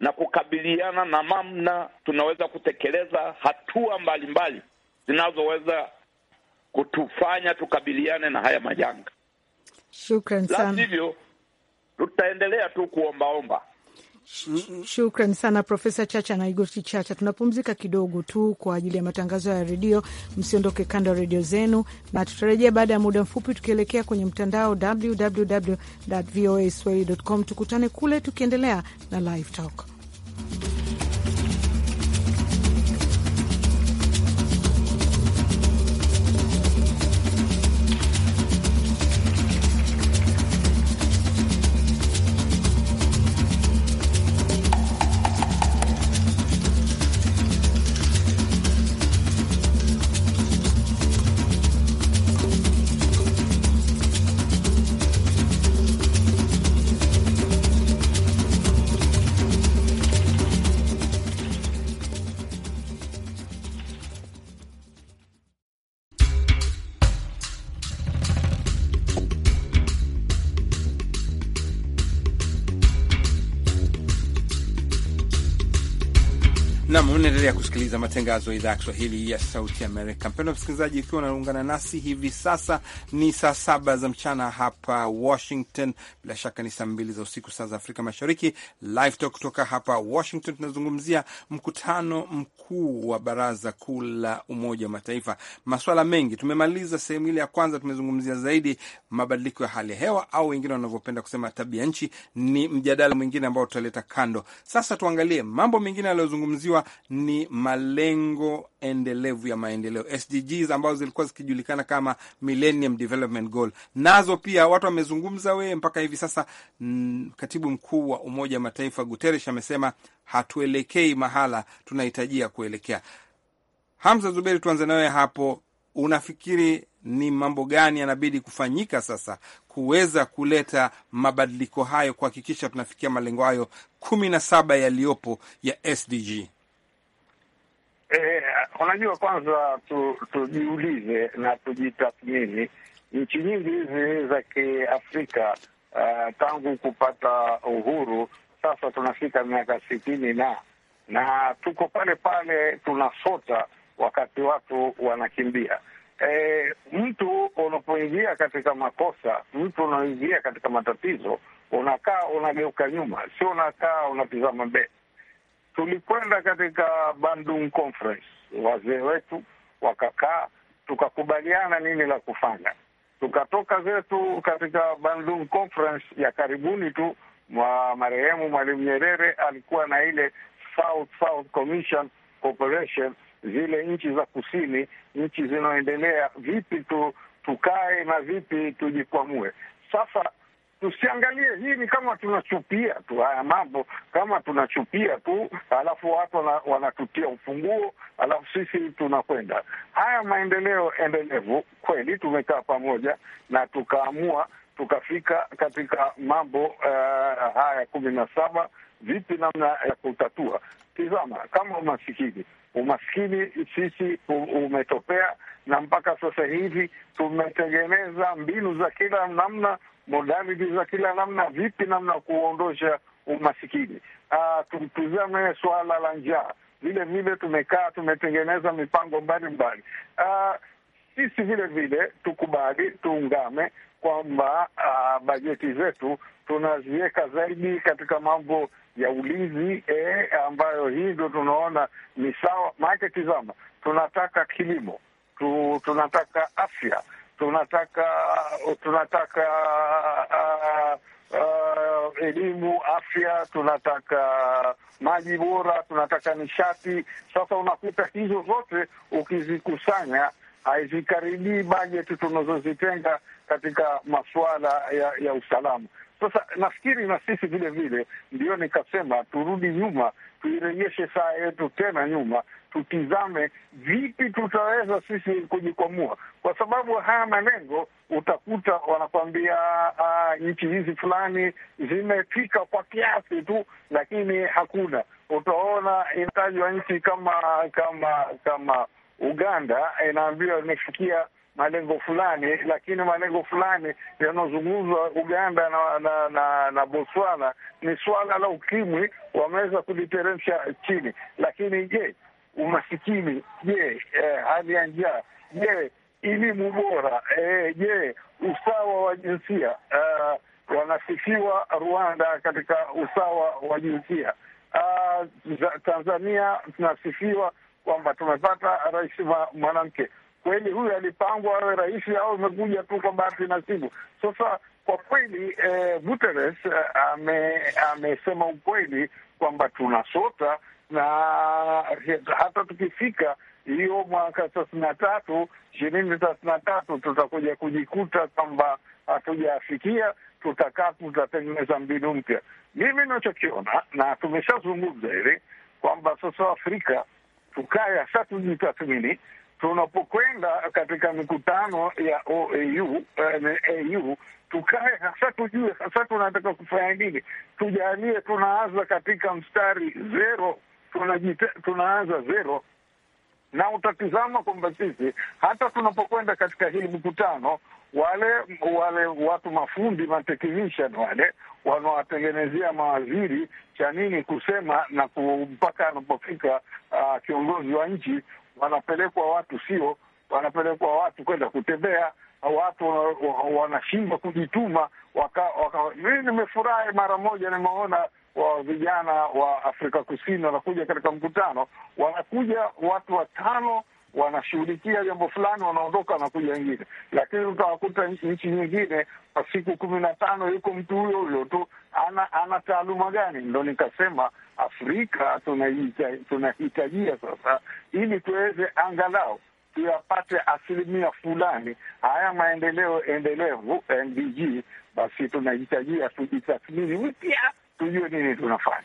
Speaker 6: na kukabiliana na namna tunaweza kutekeleza hatua mbalimbali zinazoweza kutufanya tukabiliane na haya majanga.
Speaker 2: Shukran sana. La
Speaker 6: sivyo tutaendelea tu kuombaomba.
Speaker 2: Shukran sana Profesa Chacha na Igoti Chacha. Tunapumzika kidogo tu kwa ajili ya matangazo ya redio. Msiondoke kando ya redio zenu, na tutarejea baada ya muda mfupi tukielekea kwenye mtandao www voa Tukutane kule tukiendelea na Live Talk.
Speaker 3: Nam, unaendelea kusikiliza matangazo ya idhaa ya Kiswahili ya Sauti Amerika. Mpendwa msikilizaji, ukiwa unaungana nasi hivi sasa ni saa saba za mchana hapa Washington, bila shaka ni saa mbili za usiku saa za Afrika Mashariki. Live Talk kutoka hapa Washington, tunazungumzia mkutano mkuu wa Baraza Kuu la Umoja wa Mataifa, maswala mengi. Tumemaliza sehemu ile ya kwanza, tumezungumzia zaidi mabadiliko ya hali ya hewa au wengine wanavyopenda kusema tabia nchi. Ni mjadala mwingine ambao tutaleta kando. Sasa tuangalie mambo mengine yaliyozungumziwa ni malengo endelevu ya maendeleo SDGs, ambazo zilikuwa zikijulikana kama Millennium Development Goal. Nazo pia watu wamezungumza we mpaka hivi sasa. Mm, katibu mkuu wa Umoja wa Mataifa Guterres amesema hatuelekei mahala tunahitajia kuelekea. Hamza Zuberi, tuanze nawe hapo. Unafikiri ni mambo gani yanabidi kufanyika sasa kuweza kuleta mabadiliko hayo, kuhakikisha tunafikia malengo hayo kumi na saba yaliyopo ya SDG?
Speaker 5: Eh, eh, unajua kwanza tu, tujiulize na tujitathmini. Nchi nyingi hizi za Kiafrika uh, tangu kupata uhuru sasa tunafika miaka sitini na na tuko pale pale tunasota wakati watu wanakimbia. E, mtu unapoingia katika makosa, mtu unaoingia katika matatizo, unakaa unageuka nyuma, sio unakaa unatizama mbele tulikwenda katika Bandung Conference, wazee wetu wakakaa, tukakubaliana nini la kufanya. Tukatoka zetu katika Bandung Conference ya karibuni tu, mwa marehemu Mwalimu Nyerere alikuwa na ile South South Commission Corporation, zile nchi za kusini, nchi zinaoendelea, vipi tu tukae na vipi tujikwamue. Sasa tusiangalie hii ni kama tunachupia tu haya mambo, kama tunachupia tu, alafu watu wanatutia ufunguo, alafu sisi tunakwenda. Haya maendeleo endelevu kweli, tumekaa pamoja na tukaamua tukafika katika mambo uh, haya kumi na saba, vipi namna ya kutatua. Tizama kama umasikini, umasikini sisi umetopea na mpaka sasa hivi tumetengeneza mbinu za kila namna modamidi za kila namna, vipi namna kuondosha umasikini. Ah, Tutizame suala la njaa vile vile. Tumekaa tumetengeneza mipango mbalimbali ah, sisi vile vile tukubali, tuungame kwamba ah, bajeti zetu tunaziweka zaidi katika mambo ya ulinzi eh, ambayo hii ndio tunaona ni sawa. Maanake tizama, tunataka kilimo tu, tunataka afya tunataka tunataka uh, uh, elimu, afya, tunataka maji bora, tunataka nishati. Sasa unakuta hizo zote ukizikusanya hazikaribii bajeti tunazozitenga katika masuala ya, ya usalama. Sasa nafikiri na sisi vile vile, ndiyo nikasema turudi nyuma, tuirejeshe saa yetu tena nyuma, tutizame vipi tutaweza sisi kujikwamua, kwa sababu haya malengo utakuta wanakwambia uh, nchi hizi fulani zimefika kwa kiasi tu, lakini hakuna utaona inatajwa nchi kama kama kama Uganda inaambiwa imefikia malengo fulani, lakini malengo fulani yanayozungumzwa Uganda na, na, na, na Botswana ni swala la ukimwi, wameweza kuliteremsha chini. Lakini je, umasikini? Je, eh, hali ya njaa? Je, elimu bora? Eh, je, usawa wa jinsia? Ah, Wanasifiwa Rwanda katika usawa wa jinsia. Ah, Tanzania tunasifiwa kwamba tumepata rais mwanamke. Kweli huyu alipangwa awe rais au amekuja tu kwa bahati nasibu? Sasa kwa kweli eh, Guterres eh, amesema ame ukweli kwamba tunasota na hata tukifika hiyo mwaka thelathini na tatu ishirini thelathini na tatu tutakuja kujikuta kwamba hatujafikia. Tutakaa tutatengeneza mbinu mpya. Mimi nachokiona na tumeshazungumza hili kwamba sasa Afrika tukae hasa tujitathmini tunapokwenda katika mikutano ya OAU, AU tukae hasa tujue hasa tunataka kufanya nini, tujalie tunaanza katika mstari zero tunaanza zero na utatizama kwamba sisi hata tunapokwenda katika hili mkutano, wale wale watu mafundi matekinishan wale wanawatengenezea mawaziri cha nini kusema na mpaka anapofika uh, kiongozi wa nchi, wanapelekwa watu sio, wanapelekwa watu kwenda kutembea, watu wanashindwa kujituma waka, waka. nimefurahi mara moja nimeona wa vijana wa Afrika Kusini wanakuja katika mkutano, wanakuja watu watano wanashughulikia jambo fulani, wanaondoka, wanakuja wengine. Lakini utawakuta nchi nyingine kwa siku kumi na tano yuko mtu huyo huyo tu, ana ana taaluma gani? Ndo nikasema Afrika tunahitajia sasa, ili tuweze angalau tuyapate asilimia fulani haya maendeleo endelevu MDG, basi tunahitajia tujitathmini
Speaker 1: mpya
Speaker 3: tujue nini tunafanya.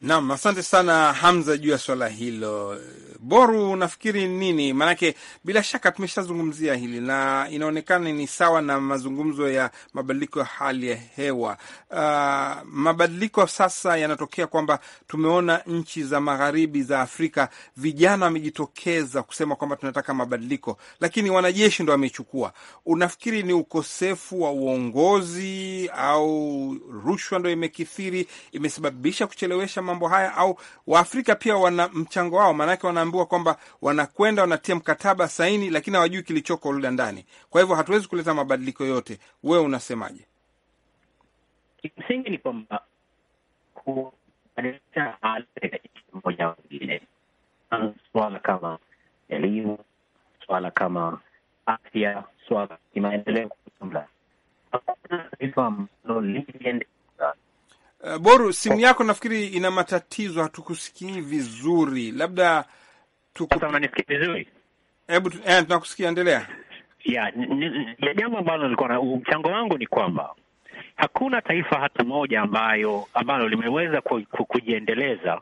Speaker 3: Naam, asante sana Hamza juu ya swala hilo. Boru, unafikiri nini? Maanake bila shaka tumeshazungumzia hili na inaonekana ni sawa na mazungumzo ya mabadiliko ya hali ya hewa. Uh, mabadiliko sasa yanatokea kwamba tumeona nchi za magharibi za Afrika vijana wamejitokeza kusema kwamba tunataka mabadiliko, lakini wanajeshi ndo wamechukua. Unafikiri ni ukosefu wa uongozi au rushwa ndo imekithiri imesababisha kuchelewesha mambo haya au Waafrika pia wana mchango wao, maanake wanaambiwa kwamba wanakwenda wanatia mkataba saini, lakini hawajui kilichoko lule ndani. Kwa hivyo hatuwezi kuleta mabadiliko yote. Wewe unasemaje? Kimsingi ni kwamba
Speaker 4: kubadilisha hali moja wengine, swala kama elimu, swala kama afya, swala kimaendeleo kwa ujumla, hakuna taifa ambalo Eh,
Speaker 3: Boru, simu oh. yako nafikiri ina matatizo, hatukusikii vizuri, labda
Speaker 4: tuku... vizuri? Hebu eh, tunakusikia, endelea. Ya jambo ambalo nilikuwa na mchango wangu ni kwamba hakuna taifa hata moja ambayo ambalo limeweza kujiendeleza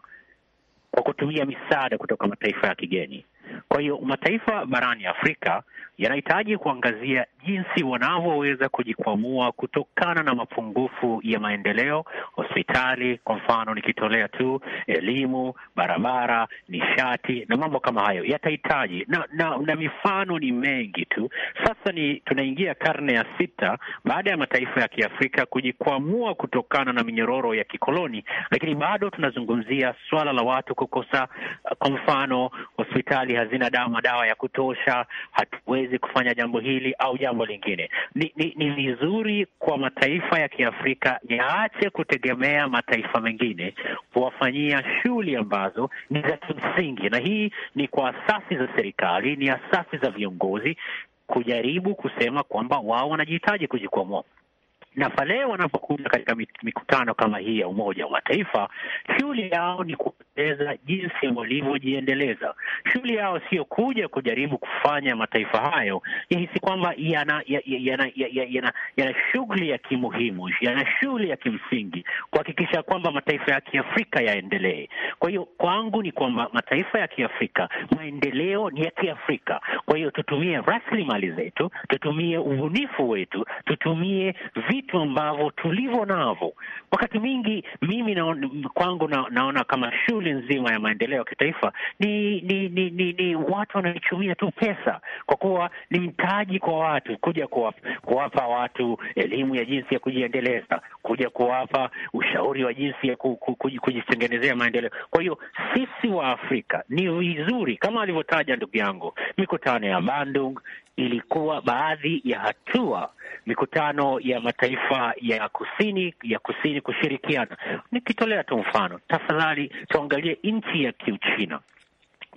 Speaker 4: kwa kutumia misaada kutoka mataifa ya kigeni. Kwa hiyo mataifa barani Afrika yanahitaji kuangazia jinsi wanavyoweza kujikwamua kutokana na mapungufu ya maendeleo. Hospitali kwa mfano nikitolea tu, elimu, barabara, nishati na mambo kama hayo yatahitaji na, na, na mifano ni mengi tatu. Sasa ni tunaingia karne ya sita baada ya mataifa ya Kiafrika kujikwamua kutokana na minyororo ya kikoloni, lakini bado tunazungumzia swala la watu kukosa, uh, kwa mfano, hospitali hazina dawa, madawa ya kutosha, hatuwezi kufanya jambo hili au jambo lingine. Ni, ni, ni vizuri kwa mataifa ya Kiafrika yaache kutegemea mataifa mengine kuwafanyia shughuli ambazo ni za kimsingi, na hii ni kwa asasi za serikali, ni asasi za viongozi, kujaribu kusema kwamba wao wanajihitaji kujikwamua na pale wanapokuja katika mikutano kama hii ya Umoja wa Mataifa, shughuli yao ni kueleza jinsi walivyojiendeleza. Shughuli yao sio kuja kujaribu kufanya mataifa hayo yahisi kwamba yana yana yana yana shughuli ya kimuhimu, yana shughuli ya kimsingi kuhakikisha kwamba mataifa ya Kiafrika yaendelee. Kwa hiyo kwangu ni kwamba mataifa ya Kiafrika, maendeleo ni ya Kiafrika. Kwa hiyo tutumie rasilimali zetu, tutumie ubunifu wetu, tutumie vitu vitu ambavyo tulivyo navyo wakati mingi, mimi na, kwangu na, naona kama shughuli nzima ya maendeleo ya kitaifa ni ni, ni, ni, ni watu wanaichumia tu pesa, kwa kuwa ni mtaji kwa watu kuja kuwapa watu elimu ya jinsi ya kujiendeleza, kuja kuwapa ushauri wa jinsi ya ku, ku, ku, kujitengenezea maendeleo. Kwa hiyo sisi wa Afrika ni vizuri kama alivyotaja ndugu yangu, mikutano ya Bandung ilikuwa baadhi ya hatua, mikutano ya mataifa mataifa ya kusini ya kusini kushirikiana. Nikitolea tu mfano, tafadhali tuangalie nchi ya Kiuchina.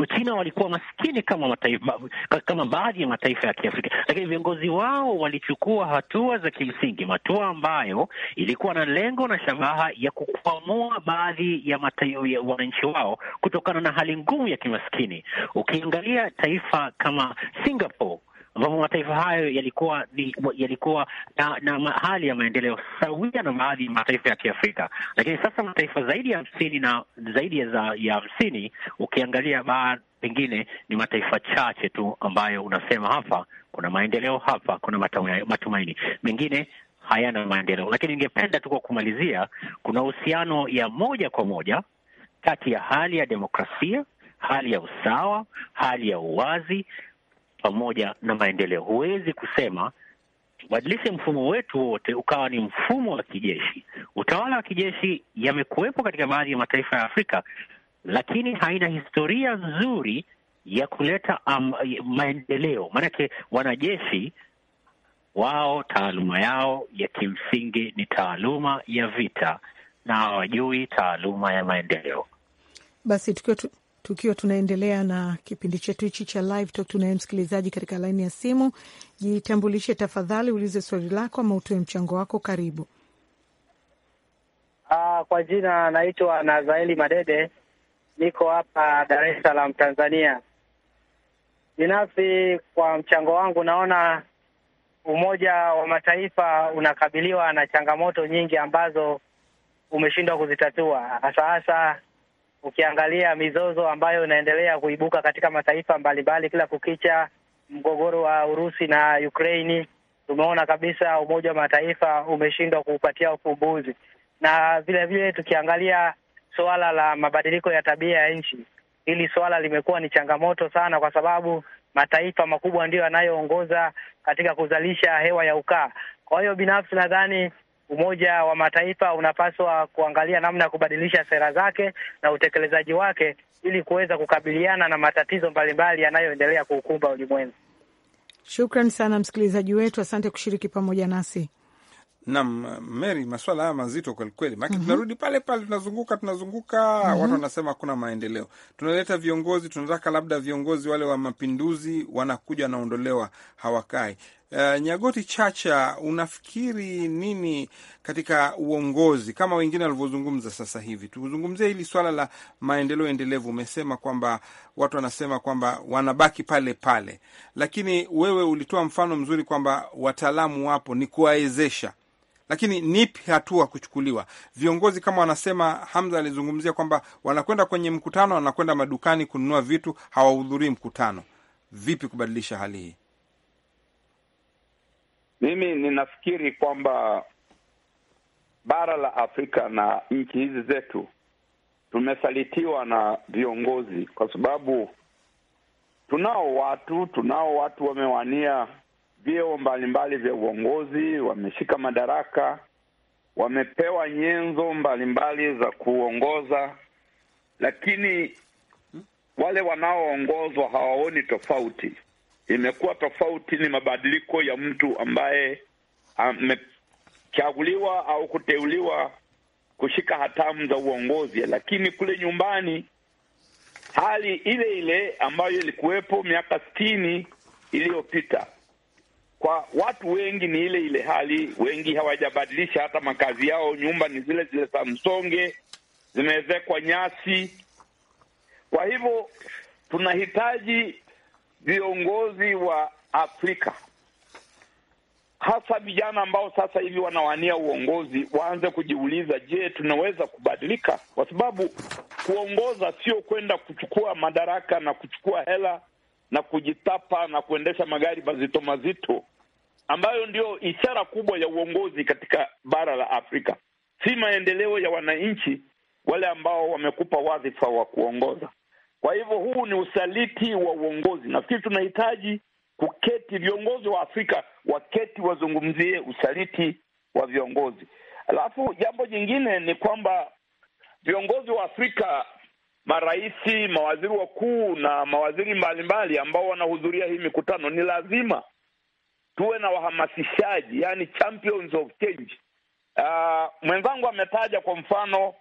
Speaker 4: Uchina walikuwa maskini kama mataifa, kama baadhi ya mataifa ya Kiafrika, lakini viongozi wao walichukua hatua za kimsingi, hatua ambayo ilikuwa na lengo na shabaha ya kukwamua baadhi ya mataifa ya wananchi wao kutokana na hali ngumu ya kimaskini. Ukiangalia taifa kama Singapore ambapo mataifa hayo yalikuwa ni, yalikuwa na, na hali ya maendeleo sawia na baadhi ya mataifa ya Kiafrika, lakini sasa mataifa zaidi ya hamsini na zaidi ya hamsini ukiangalia ba, pengine ni mataifa chache tu ambayo unasema hapa kuna maendeleo, hapa kuna matumaini, mengine hayana maendeleo. Lakini ningependa tu kwa kumalizia, kuna uhusiano ya moja kwa moja kati ya hali ya demokrasia hali ya usawa, hali ya uwazi, pamoja na maendeleo. Huwezi kusema tubadilishe mfumo wetu wote ukawa ni mfumo wa kijeshi. Utawala wa kijeshi yamekuwepo katika baadhi ya mataifa ya Afrika, lakini haina historia nzuri ya kuleta um, maendeleo. Maanake wanajeshi wao taaluma yao ya kimsingi ni taaluma ya vita na hawajui taaluma ya maendeleo.
Speaker 2: Basi tukiwa tukiwa tunaendelea na kipindi chetu hichi cha live talk, tunaye msikilizaji katika laini ya simu. Jitambulishe tafadhali, ulize swali lako ama utoe mchango wako. Karibu.
Speaker 4: Aa, ah, kwa jina naitwa Nazaeli Madede, niko hapa Dar es Salaam, Tanzania. Binafsi kwa mchango wangu, naona Umoja wa Mataifa unakabiliwa na changamoto nyingi ambazo umeshindwa kuzitatua hasa hasa ukiangalia mizozo ambayo inaendelea kuibuka katika mataifa mbalimbali kila kukicha, mgogoro wa Urusi na Ukraini, tumeona kabisa Umoja wa Mataifa umeshindwa kuupatia ufumbuzi, na vile vile tukiangalia suala la mabadiliko ya tabia ya nchi, hili suala limekuwa ni changamoto sana, kwa sababu mataifa makubwa ndiyo yanayoongoza katika kuzalisha hewa ya ukaa. Kwa hiyo binafsi nadhani Umoja wa Mataifa unapaswa kuangalia namna ya kubadilisha sera zake na utekelezaji wake ili kuweza kukabiliana na matatizo mbalimbali yanayoendelea kuukumba ulimwengu.
Speaker 2: Shukran sana msikilizaji wetu, asante kushiriki pamoja nasi.
Speaker 3: Nam Mary, maswala haya mazito kwelikweli, maake mm -hmm. tunarudi
Speaker 2: pale pale, tunazunguka tunazunguka, mm -hmm. watu
Speaker 3: wanasema hakuna maendeleo, tunaleta viongozi, tunataka labda viongozi wale wa mapinduzi wanakuja, wanaondolewa, hawakai. Uh, Nyagoti Chacha, unafikiri nini katika uongozi kama wengine walivyozungumza sasa hivi? Tuzungumzie hili swala la maendeleo endelevu. Umesema kwamba watu wanasema kwamba wanabaki pale pale, lakini wewe ulitoa mfano mzuri kwamba wataalamu wapo, ni kuwawezesha lakini nipi hatua kuchukuliwa? Viongozi kama wanasema, Hamza alizungumzia kwamba wanakwenda kwenye mkutano, wanakwenda madukani kununua vitu, hawahudhurii mkutano. Vipi kubadilisha hali hii?
Speaker 6: Mimi ninafikiri kwamba bara la Afrika na nchi hizi zetu tumesalitiwa na viongozi, kwa sababu tunao watu tunao watu wamewania vyeo mbalimbali vya uongozi, wameshika madaraka, wamepewa nyenzo mbalimbali za kuongoza, lakini wale wanaoongozwa hawaoni tofauti imekuwa tofauti, ni mabadiliko ya mtu ambaye amechaguliwa au kuteuliwa kushika hatamu za uongozi, lakini kule nyumbani hali ile ile ambayo ilikuwepo miaka sitini iliyopita kwa watu wengi ni ile ile hali. Wengi hawajabadilisha hata makazi yao, nyumba ni zile zile za msonge, zimewezekwa nyasi. Kwa hivyo tunahitaji viongozi wa Afrika hasa vijana ambao sasa hivi wanawania uongozi waanze kujiuliza, je, tunaweza kubadilika? Kwa sababu kuongoza sio kwenda kuchukua madaraka na kuchukua hela na kujitapa na kuendesha magari mazito mazito, ambayo ndio ishara kubwa ya uongozi katika bara la Afrika. Si maendeleo ya wananchi wale ambao wamekupa wadhifa wa kuongoza. Kwa hivyo huu ni usaliti wa uongozi. Nafikiri tunahitaji kuketi, viongozi wa Afrika waketi, wazungumzie usaliti wa viongozi. Alafu jambo jingine ni kwamba viongozi wa Afrika, maraisi, mawaziri wakuu na mawaziri mbalimbali ambao wanahudhuria hii mikutano, ni lazima tuwe na wahamasishaji, yani champions of change. Uh, mwenzangu ametaja kwa mfano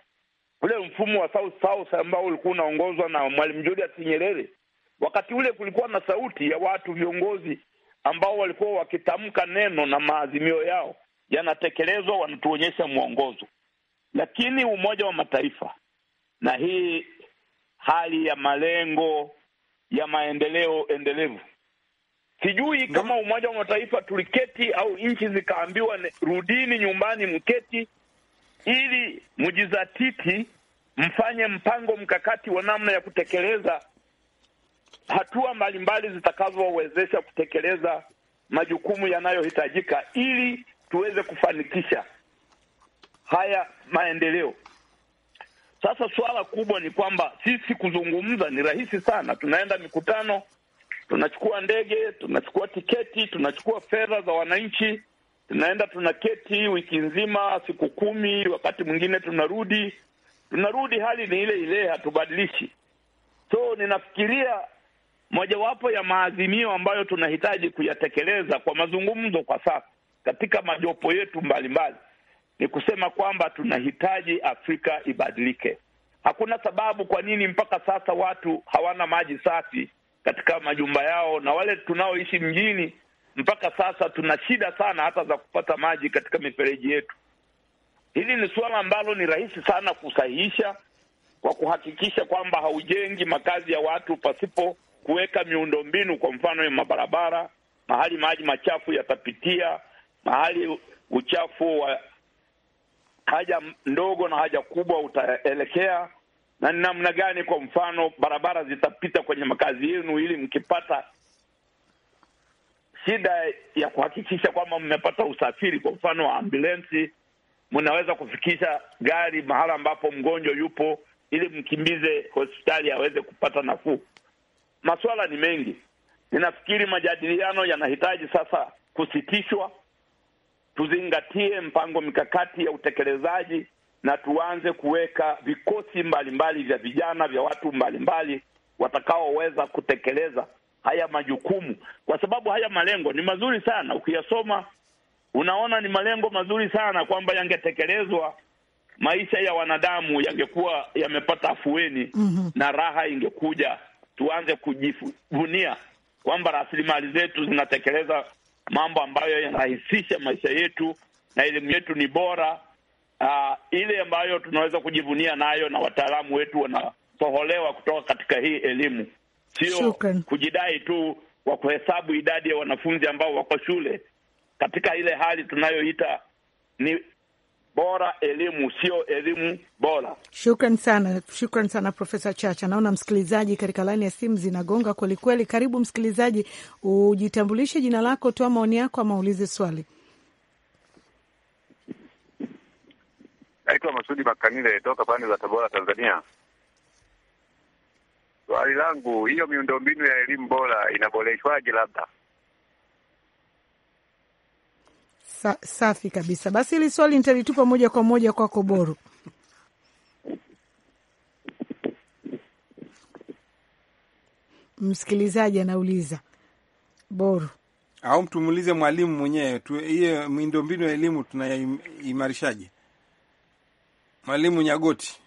Speaker 6: ule mfumo wa South South ambao ulikuwa unaongozwa na Mwalimu Julius Nyerere. Wakati ule kulikuwa na sauti ya watu, viongozi ambao walikuwa wakitamka neno na maazimio yao yanatekelezwa, wanatuonyesha mwongozo. Lakini Umoja wa Mataifa na hii hali ya malengo ya maendeleo endelevu, sijui kama Umoja wa Mataifa tuliketi au nchi zikaambiwa rudini nyumbani, mketi ili mjizatiti mfanye mpango mkakati wa namna ya kutekeleza hatua mbalimbali zitakazowezesha kutekeleza majukumu yanayohitajika ili tuweze kufanikisha haya maendeleo. Sasa suala kubwa ni kwamba sisi kuzungumza ni rahisi sana. Tunaenda mikutano, tunachukua ndege, tunachukua tiketi, tunachukua fedha za wananchi, tunaenda tunaketi wiki nzima, siku kumi, wakati mwingine tunarudi tunarudi, hali ni ile ile, hatubadilishi. So ninafikiria mojawapo ya maazimio ambayo tunahitaji kuyatekeleza kwa mazungumzo kwa sasa katika majopo yetu mbalimbali mbali, ni kusema kwamba tunahitaji Afrika ibadilike. Hakuna sababu kwa nini mpaka sasa watu hawana maji safi katika majumba yao, na wale tunaoishi mjini mpaka sasa tuna shida sana hata za kupata maji katika mifereji yetu. Hili ni suala ambalo ni rahisi sana kusahihisha kwa kuhakikisha kwamba haujengi makazi ya watu pasipo kuweka miundombinu, kwa mfano ya mabarabara, mahali maji machafu yatapitia, mahali uchafu wa haja ndogo na haja kubwa utaelekea, na ni namna gani, kwa mfano, barabara zitapita kwenye makazi yenu, ili mkipata shida ya kuhakikisha kwamba mmepata usafiri, kwa mfano wa ambulensi, mnaweza kufikisha gari mahala ambapo mgonjwa yupo ili mkimbize hospitali aweze kupata nafuu. Masuala ni mengi, ninafikiri majadiliano yanahitaji sasa kusitishwa, tuzingatie mpango mikakati ya utekelezaji na tuanze kuweka vikosi mbalimbali vya vijana vya watu mbalimbali watakaoweza kutekeleza haya majukumu, kwa sababu haya malengo ni mazuri sana. Ukiyasoma unaona ni malengo mazuri sana kwamba yangetekelezwa maisha ya wanadamu yangekuwa yamepata afueni mm -hmm. na raha ingekuja. Tuanze kujivunia kwamba rasilimali zetu zinatekeleza mambo ambayo yanarahisisha maisha yetu na elimu yetu ni bora, uh, ile ambayo tunaweza kujivunia nayo, na wataalamu wetu wanasoholewa kutoka katika hii elimu sio kujidai tu kwa kuhesabu idadi ya wanafunzi ambao wako shule katika ile hali tunayoita ni bora elimu sio elimu bora.
Speaker 2: Shukran sana, shukran sana Profesa Chacha. Naona msikilizaji katika laini ya simu zinagonga kwelikweli. Karibu msikilizaji, ujitambulishe jina lako, toa maoni yako ama swali.
Speaker 5: Naitwa Masudi Makanile toka pande za Tabora, Tanzania swali langu, hiyo miundombinu ya elimu bora inaboreshwaje? Labda
Speaker 2: Sa, safi kabisa. Basi hili swali nitalitupa moja kwa moja kwako Boru. Msikilizaji anauliza Boru
Speaker 3: au mtumuulize mwalimu mwenyewe tu, hiyo miundombinu ya elimu tunaimarishaje? Mwalimu Nyagoti.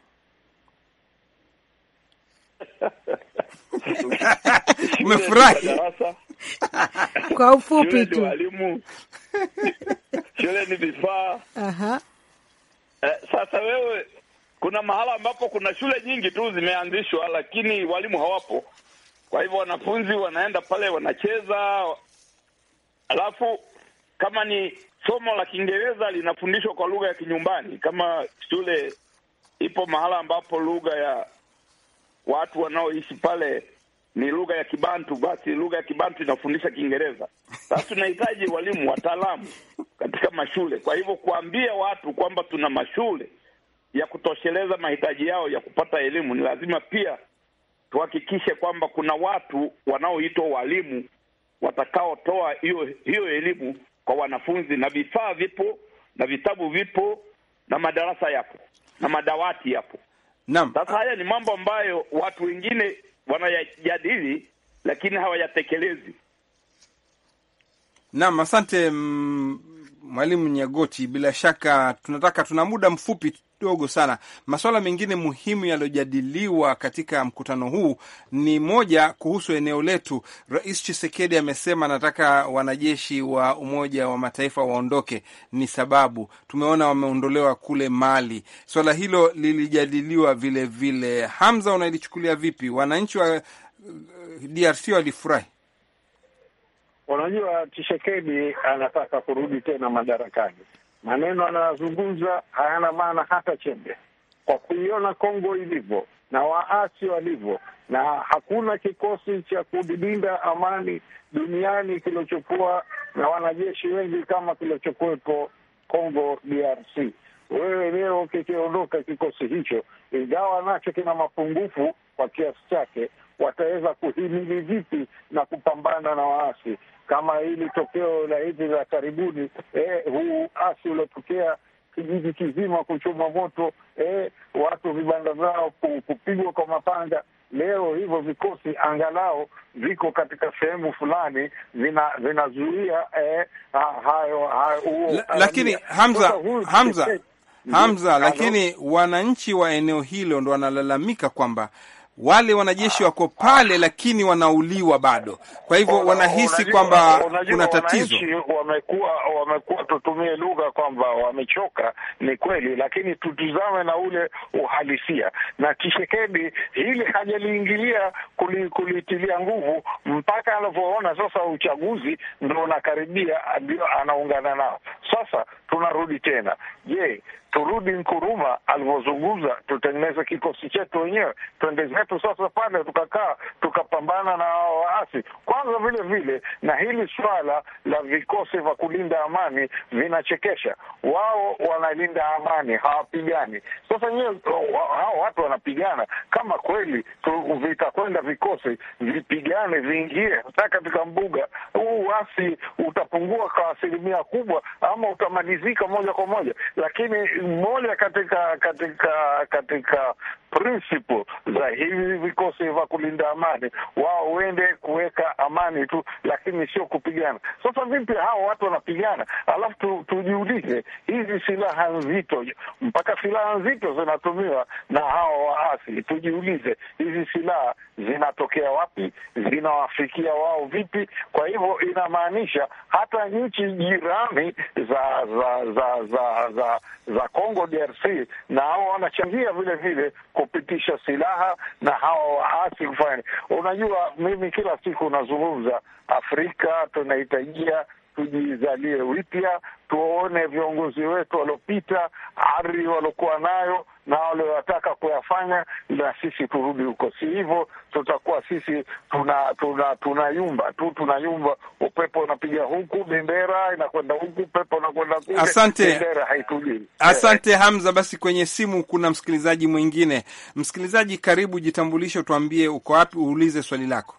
Speaker 2: Umefurahi? Kwa ufupi tu, walimu
Speaker 6: shule ni vifaa. Aha. Eh, sasa wewe, kuna mahala ambapo kuna shule nyingi tu zimeanzishwa, lakini walimu hawapo. Kwa hivyo wanafunzi wanaenda pale wanacheza, alafu kama ni somo la Kiingereza linafundishwa kwa lugha ya kinyumbani, kama shule ipo mahala ambapo lugha ya watu wanaoishi pale ni lugha ya Kibantu, basi lugha ya Kibantu inafundisha Kiingereza. Sasa tunahitaji walimu wataalamu katika mashule. Kwa hivyo kuambia watu kwamba tuna mashule ya kutosheleza mahitaji yao ya kupata elimu, ni lazima pia tuhakikishe kwamba kuna watu wanaoitwa walimu watakaotoa hiyo hiyo elimu kwa wanafunzi, na vifaa vipo na vitabu vipo na madarasa yapo na madawati yapo. Naam. Sasa haya ni mambo ambayo watu wengine wanayajadili lakini hawayatekelezi.
Speaker 3: Naam, asante mm, Mwalimu Nyagoti, bila shaka tunataka, tuna muda mfupi dogo sana. Masuala mengine muhimu yaliyojadiliwa katika mkutano huu ni moja, kuhusu eneo letu. Rais Chisekedi amesema anataka wanajeshi wa Umoja wa Mataifa waondoke, ni sababu tumeona wameondolewa kule Mali. Swala hilo lilijadiliwa vilevile. Hamza, unalichukulia vipi? Wananchi wa eh, DRC walifurahi?
Speaker 5: Unajua, Tshisekedi anataka kurudi tena madarakani. Maneno anayozungumza hayana maana hata chembe, kwa kuiona Kongo ilivyo na waasi walivyo, na hakuna kikosi cha kulinda amani duniani kilichokuwa na wanajeshi wengi kama kilichokuwepo Kongo DRC. Wewe leo kikiondoka kikosi hicho, ingawa nacho kina mapungufu kwa kiasi chake, wataweza kuhimili vipi na kupambana na waasi kama hili tokeo la hivi la karibuni eh, huu asi uliotokea kijiji kizima kuchoma moto eh, watu vibanda vyao kupigwa kwa mapanga. Leo hivyo vikosi angalau viko katika sehemu fulani vinazuia eh, hayo
Speaker 3: huo, lakini Hamza Hamza, Hamza lakini wananchi wa eneo hilo ndo wanalalamika kwamba wale wanajeshi wako pale, lakini wanauliwa bado. Kwa hivyo wanahisi kwamba kuna tatizo.
Speaker 5: Wamekuwa wamekuwa tutumie lugha kwamba wamechoka, ni kweli, lakini tutizame na ule uhalisia. Na kishekedi hili hajaliingilia kulitilia nguvu mpaka anavyoona sasa uchaguzi ndo unakaribia, ndio anaungana nao. Sasa tunarudi tena, je, turudi Nkuruma alivyozungumza, tutengeneze kikosi chetu wenyewe, twende zetu sasa pale tukakaa tukapambana na hao waasi kwanza. Vile vile na hili swala la vikosi vya kulinda amani vinachekesha. Wao wanalinda amani, hawapigani. Sasa nyewe hao watu wanapigana. Kama kweli vitakwenda vikosi vipigane, viingie hata katika mbuga, huu uasi utapungua kwa asilimia kubwa ama utamalizika moja kwa moja, lakini mmoja katika katika katika principle za hivi vikosi vya kulinda amani, wao wende kuweka amani tu, lakini sio kupigana. Sasa vipi hawa watu wanapigana? Alafu tu, tujiulize hizi silaha nzito, mpaka silaha nzito zinatumiwa na hawa waasi. Tujiulize hizi silaha zinatokea wapi? Zinawafikia wao vipi? Kwa hivyo inamaanisha hata nchi jirani za za za za za, za Congo DRC na hao wanachangia vile vile kupitisha silaha na hawa waasi kufanya. Unajua, mimi kila siku nazungumza, Afrika tunahitajia tujizalie upya, tuone viongozi wetu waliopita, ari waliokuwa nayo na waliowataka kuyafanya, na sisi turudi huko. Si hivyo tutakuwa sisi tuna tuna, tuna tu tunayumba, upepo unapiga huku, bendera inakwenda huku, upepo unakwenda kule, bendera haitujii. Asante
Speaker 3: Hamza. Basi kwenye simu kuna msikilizaji mwingine. Msikilizaji, karibu, jitambulishe, utuambie uko wapi, uulize swali lako.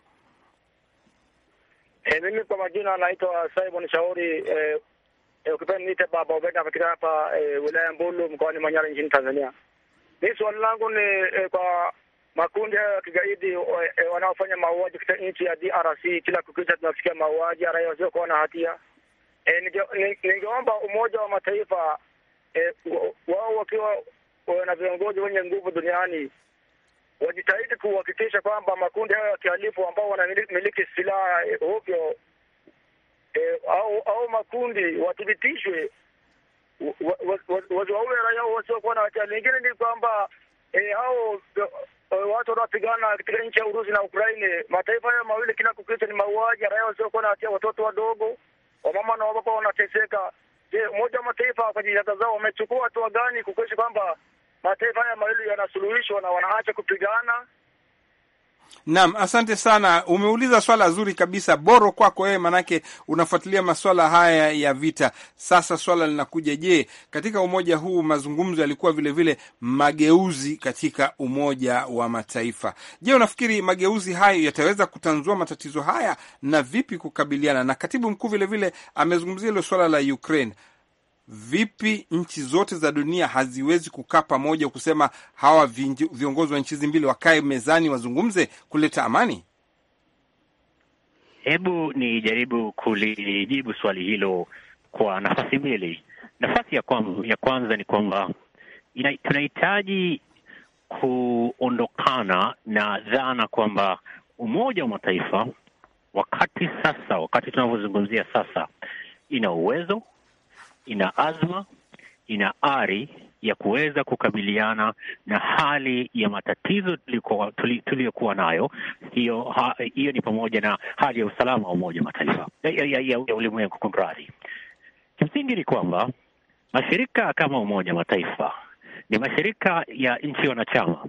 Speaker 5: E, mimi kwa majina naitwa Simon Shauri, eh, e, ukipenda niite Baba Ubeda, napatikana hapa e, wilaya Mbulu mkoani Manyara nchini Tanzania. Mi swali langu ni e, kwa makundi hayo ya kigaidi e, wanaofanya mauaji katika nchi ya DRC. Kila kukicha tunasikia mauaji raia wasiokuwa na hatia. e, ningeomba Umoja wa Mataifa e wao wakiwa wana viongozi wenye nguvu duniani wajitahidi kuhakikisha kwamba makundi hayo ya kihalifu ambao wanamiliki silaha eh, ovyo e, au, au makundi wathibitishwe, waziwaue raia wasiokuwa na hatia. Lingine ni kwamba eh, hao eh, watu wanaopigana katika nchi ya Urusi na Ukraini, mataifa hayo mawili kila kukicha ni mauaji ya raia wasiokuwa na hatia, watoto wadogo, wamama na wababa wanateseka. Je, Umoja wa Mataifa kwa jitihada zao wamechukua hatua gani kukeshi kwamba mataifa haya mawili yanasuluhishwa na wanaacha kupigana.
Speaker 3: Naam, asante sana. Umeuliza swala zuri kabisa, boro kwako wewe, manake unafuatilia maswala haya ya vita. Sasa swala linakuja, je, katika umoja huu mazungumzo yalikuwa vilevile mageuzi katika Umoja wa Mataifa. Je, unafikiri mageuzi hayo yataweza kutanzua matatizo haya na vipi kukabiliana na? Katibu mkuu vilevile amezungumzia hilo swala la Ukraine. Vipi nchi zote za dunia haziwezi kukaa pamoja kusema hawa viongozi wa nchi hizi mbili wakae mezani wazungumze kuleta amani?
Speaker 4: Hebu nijaribu kulijibu swali hilo kwa nafasi mbili. Nafasi ya, ya kwanza ni kwamba tunahitaji kuondokana na dhana kwamba Umoja wa Mataifa wakati sasa, wakati tunavyozungumzia sasa, ina uwezo ina azma, ina ari ya kuweza kukabiliana na hali ya matatizo tuliyokuwa nayo. Hiyo ha, hiyo ni pamoja na hali ya usalama wa Umoja wa Mataifa ya, ya, ya ulimwengu. Kumradhi, kimsingi ni kwamba mashirika kama Umoja wa Mataifa ni mashirika ya nchi wanachama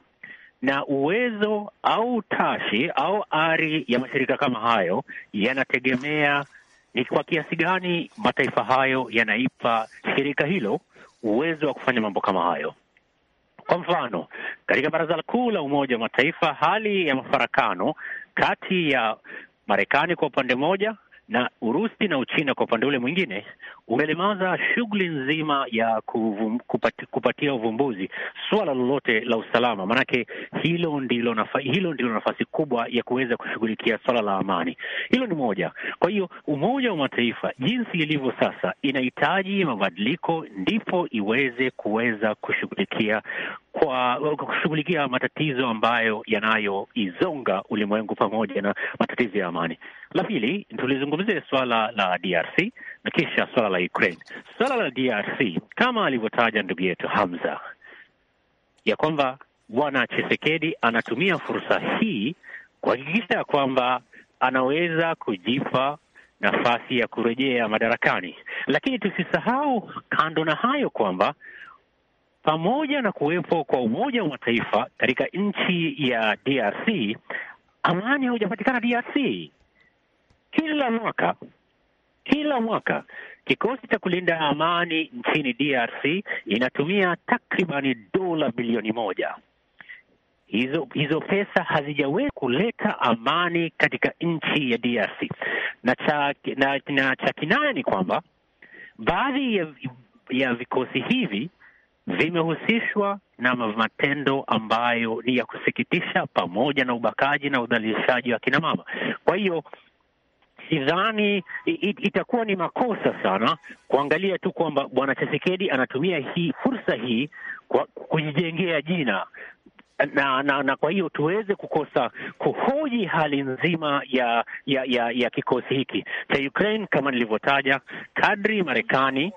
Speaker 4: na uwezo au tashi au ari ya mashirika kama hayo yanategemea ni kwa kiasi gani mataifa hayo yanaipa shirika hilo uwezo wa kufanya mambo kama hayo. Kwa mfano, katika Baraza Kuu la Umoja wa Mataifa, hali ya mafarakano kati ya Marekani kwa upande mmoja na Urusi na Uchina kwa upande ule mwingine umelemaza shughuli nzima ya kuvum, kupati, kupatia uvumbuzi swala lolote la usalama, maanake hilo ndilo nafa, hilo ndilo nafasi kubwa ya kuweza kushughulikia swala la amani. Hilo ni moja. Kwa hiyo Umoja wa Mataifa jinsi ilivyo sasa inahitaji mabadiliko, ndipo iweze kuweza kushughulikia kwa kushughulikia matatizo ambayo yanayoizonga ulimwengu pamoja na matatizo ya amani. La pili, tulizungumzia swala la DRC na kisha swala la Ukraine. Swala la DRC kama alivyotaja ndugu yetu Hamza ya kwamba Bwana Chisekedi anatumia fursa hii kuhakikisha ya kwamba anaweza kujipa nafasi ya kurejea madarakani, lakini tusisahau kando na hayo kwamba pamoja na kuwepo kwa Umoja wa Mataifa katika nchi ya DRC, amani haujapatikana DRC. Kila mwaka kila mwaka kikosi cha kulinda amani nchini DRC inatumia takribani dola bilioni moja. Hizo hizo pesa hazijaweza kuleta amani katika nchi ya DRC, na cha na, na cha kinaya ni kwamba baadhi ya, ya vikosi hivi vimehusishwa na matendo ambayo ni ya kusikitisha, pamoja na ubakaji na udhalilishaji wa kina mama. Kwa hiyo sidhani itakuwa ni makosa sana kuangalia tu kwamba Bwana Chesekedi anatumia hii fursa hii kwa kujijengea jina na, na na kwa hiyo tuweze kukosa kuhoji hali nzima ya ya ya, ya kikosi hiki cha Ukraine kama nilivyotaja, kadri Marekani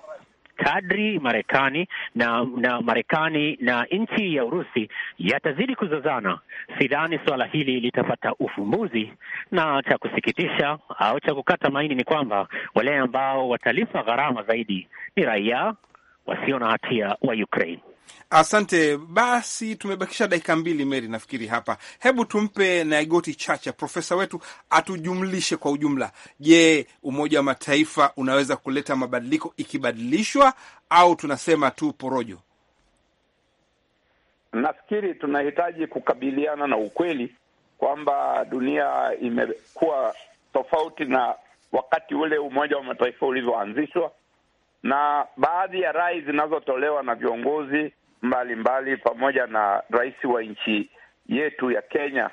Speaker 4: kadri Marekani na na Marekani na nchi ya Urusi yatazidi kuzozana, sidhani swala hili litapata ufumbuzi, na cha kusikitisha au cha kukata maini ni kwamba wale ambao watalipa gharama zaidi ni raia wasio na hatia wa Ukraine. Asante. Basi tumebakisha
Speaker 3: dakika mbili, Meri nafikiri hapa. Hebu tumpe Naigoti Chacha, profesa wetu, atujumlishe kwa ujumla. Je, Umoja wa Mataifa unaweza kuleta mabadiliko ikibadilishwa, au tunasema tu porojo?
Speaker 6: Nafikiri tunahitaji kukabiliana na ukweli kwamba dunia imekuwa tofauti na wakati ule Umoja wa Mataifa ulivyoanzishwa na baadhi ya rai zinazotolewa na viongozi mbalimbali mbali, pamoja na rais wa nchi yetu ya Kenya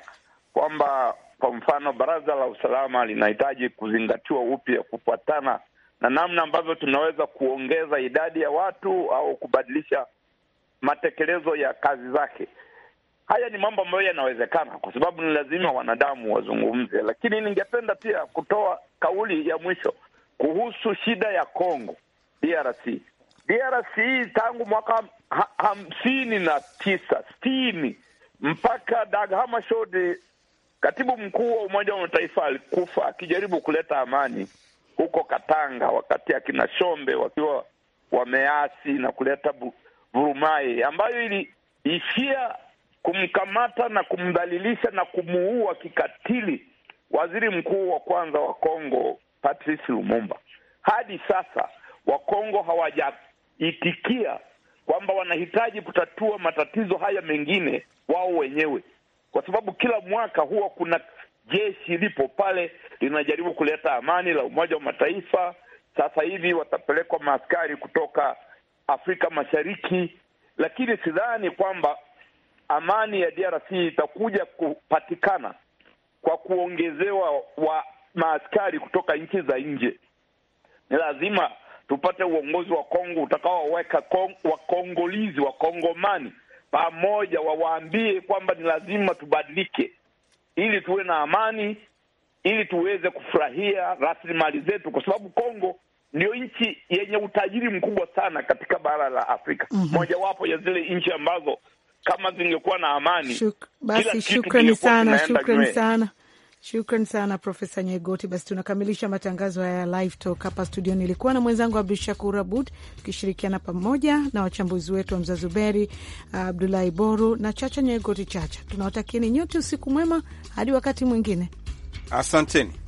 Speaker 6: kwamba kwa mfano baraza la usalama linahitaji kuzingatiwa upya kufuatana na namna ambavyo tunaweza kuongeza idadi ya watu au kubadilisha matekelezo ya kazi zake. Haya ni mambo ambayo yanawezekana, kwa sababu ni lazima wanadamu wazungumze. Lakini ningependa pia kutoa kauli ya mwisho kuhusu shida ya Kongo. DRC. DRC tangu mwaka ha hamsini na tisa sitini mpaka Dag Hammarskjöld katibu mkuu wa Umoja wa Mataifa alikufa akijaribu kuleta amani huko Katanga, wakati akina Shombe wakiwa wameasi na kuleta vurumai ambayo iliishia kumkamata na kumdhalilisha na kumuua kikatili waziri mkuu wa kwanza wa Kongo Patrice Lumumba. Hadi sasa Wakongo hawajaitikia kwamba wanahitaji kutatua matatizo haya mengine wao wenyewe, kwa sababu kila mwaka huwa kuna jeshi lipo pale linajaribu kuleta amani la Umoja wa Mataifa. Sasa hivi watapelekwa maaskari kutoka Afrika Mashariki, lakini sidhani kwamba amani ya DRC itakuja kupatikana kwa kuongezewa wa maaskari kutoka nchi za nje. Ni lazima tupate uongozi wa Kongo utakaowaweka wakongolizi wakongomani pamoja, wawaambie kwamba ni lazima tubadilike ili tuwe na amani, ili tuweze kufurahia rasilimali zetu, kwa sababu Kongo ndio nchi yenye utajiri mkubwa sana katika bara la Afrika, mhm. mojawapo mm -hmm. ya zile nchi ambazo kama zingekuwa na amani Shuk basi, shukrani sana, shukrani
Speaker 2: sana. Shukran sana Profesa Nyegoti. Basi tunakamilisha matangazo haya ya Live Talk hapa studio. Nilikuwa na mwenzangu Abdu Shakur Abud, tukishirikiana pamoja na wachambuzi wetu Hamza Zuberi, Abdulahi Boru na Chacha Nyegoti Chacha. Tunawatakieni nyote usiku mwema, hadi wakati mwingine,
Speaker 3: asanteni.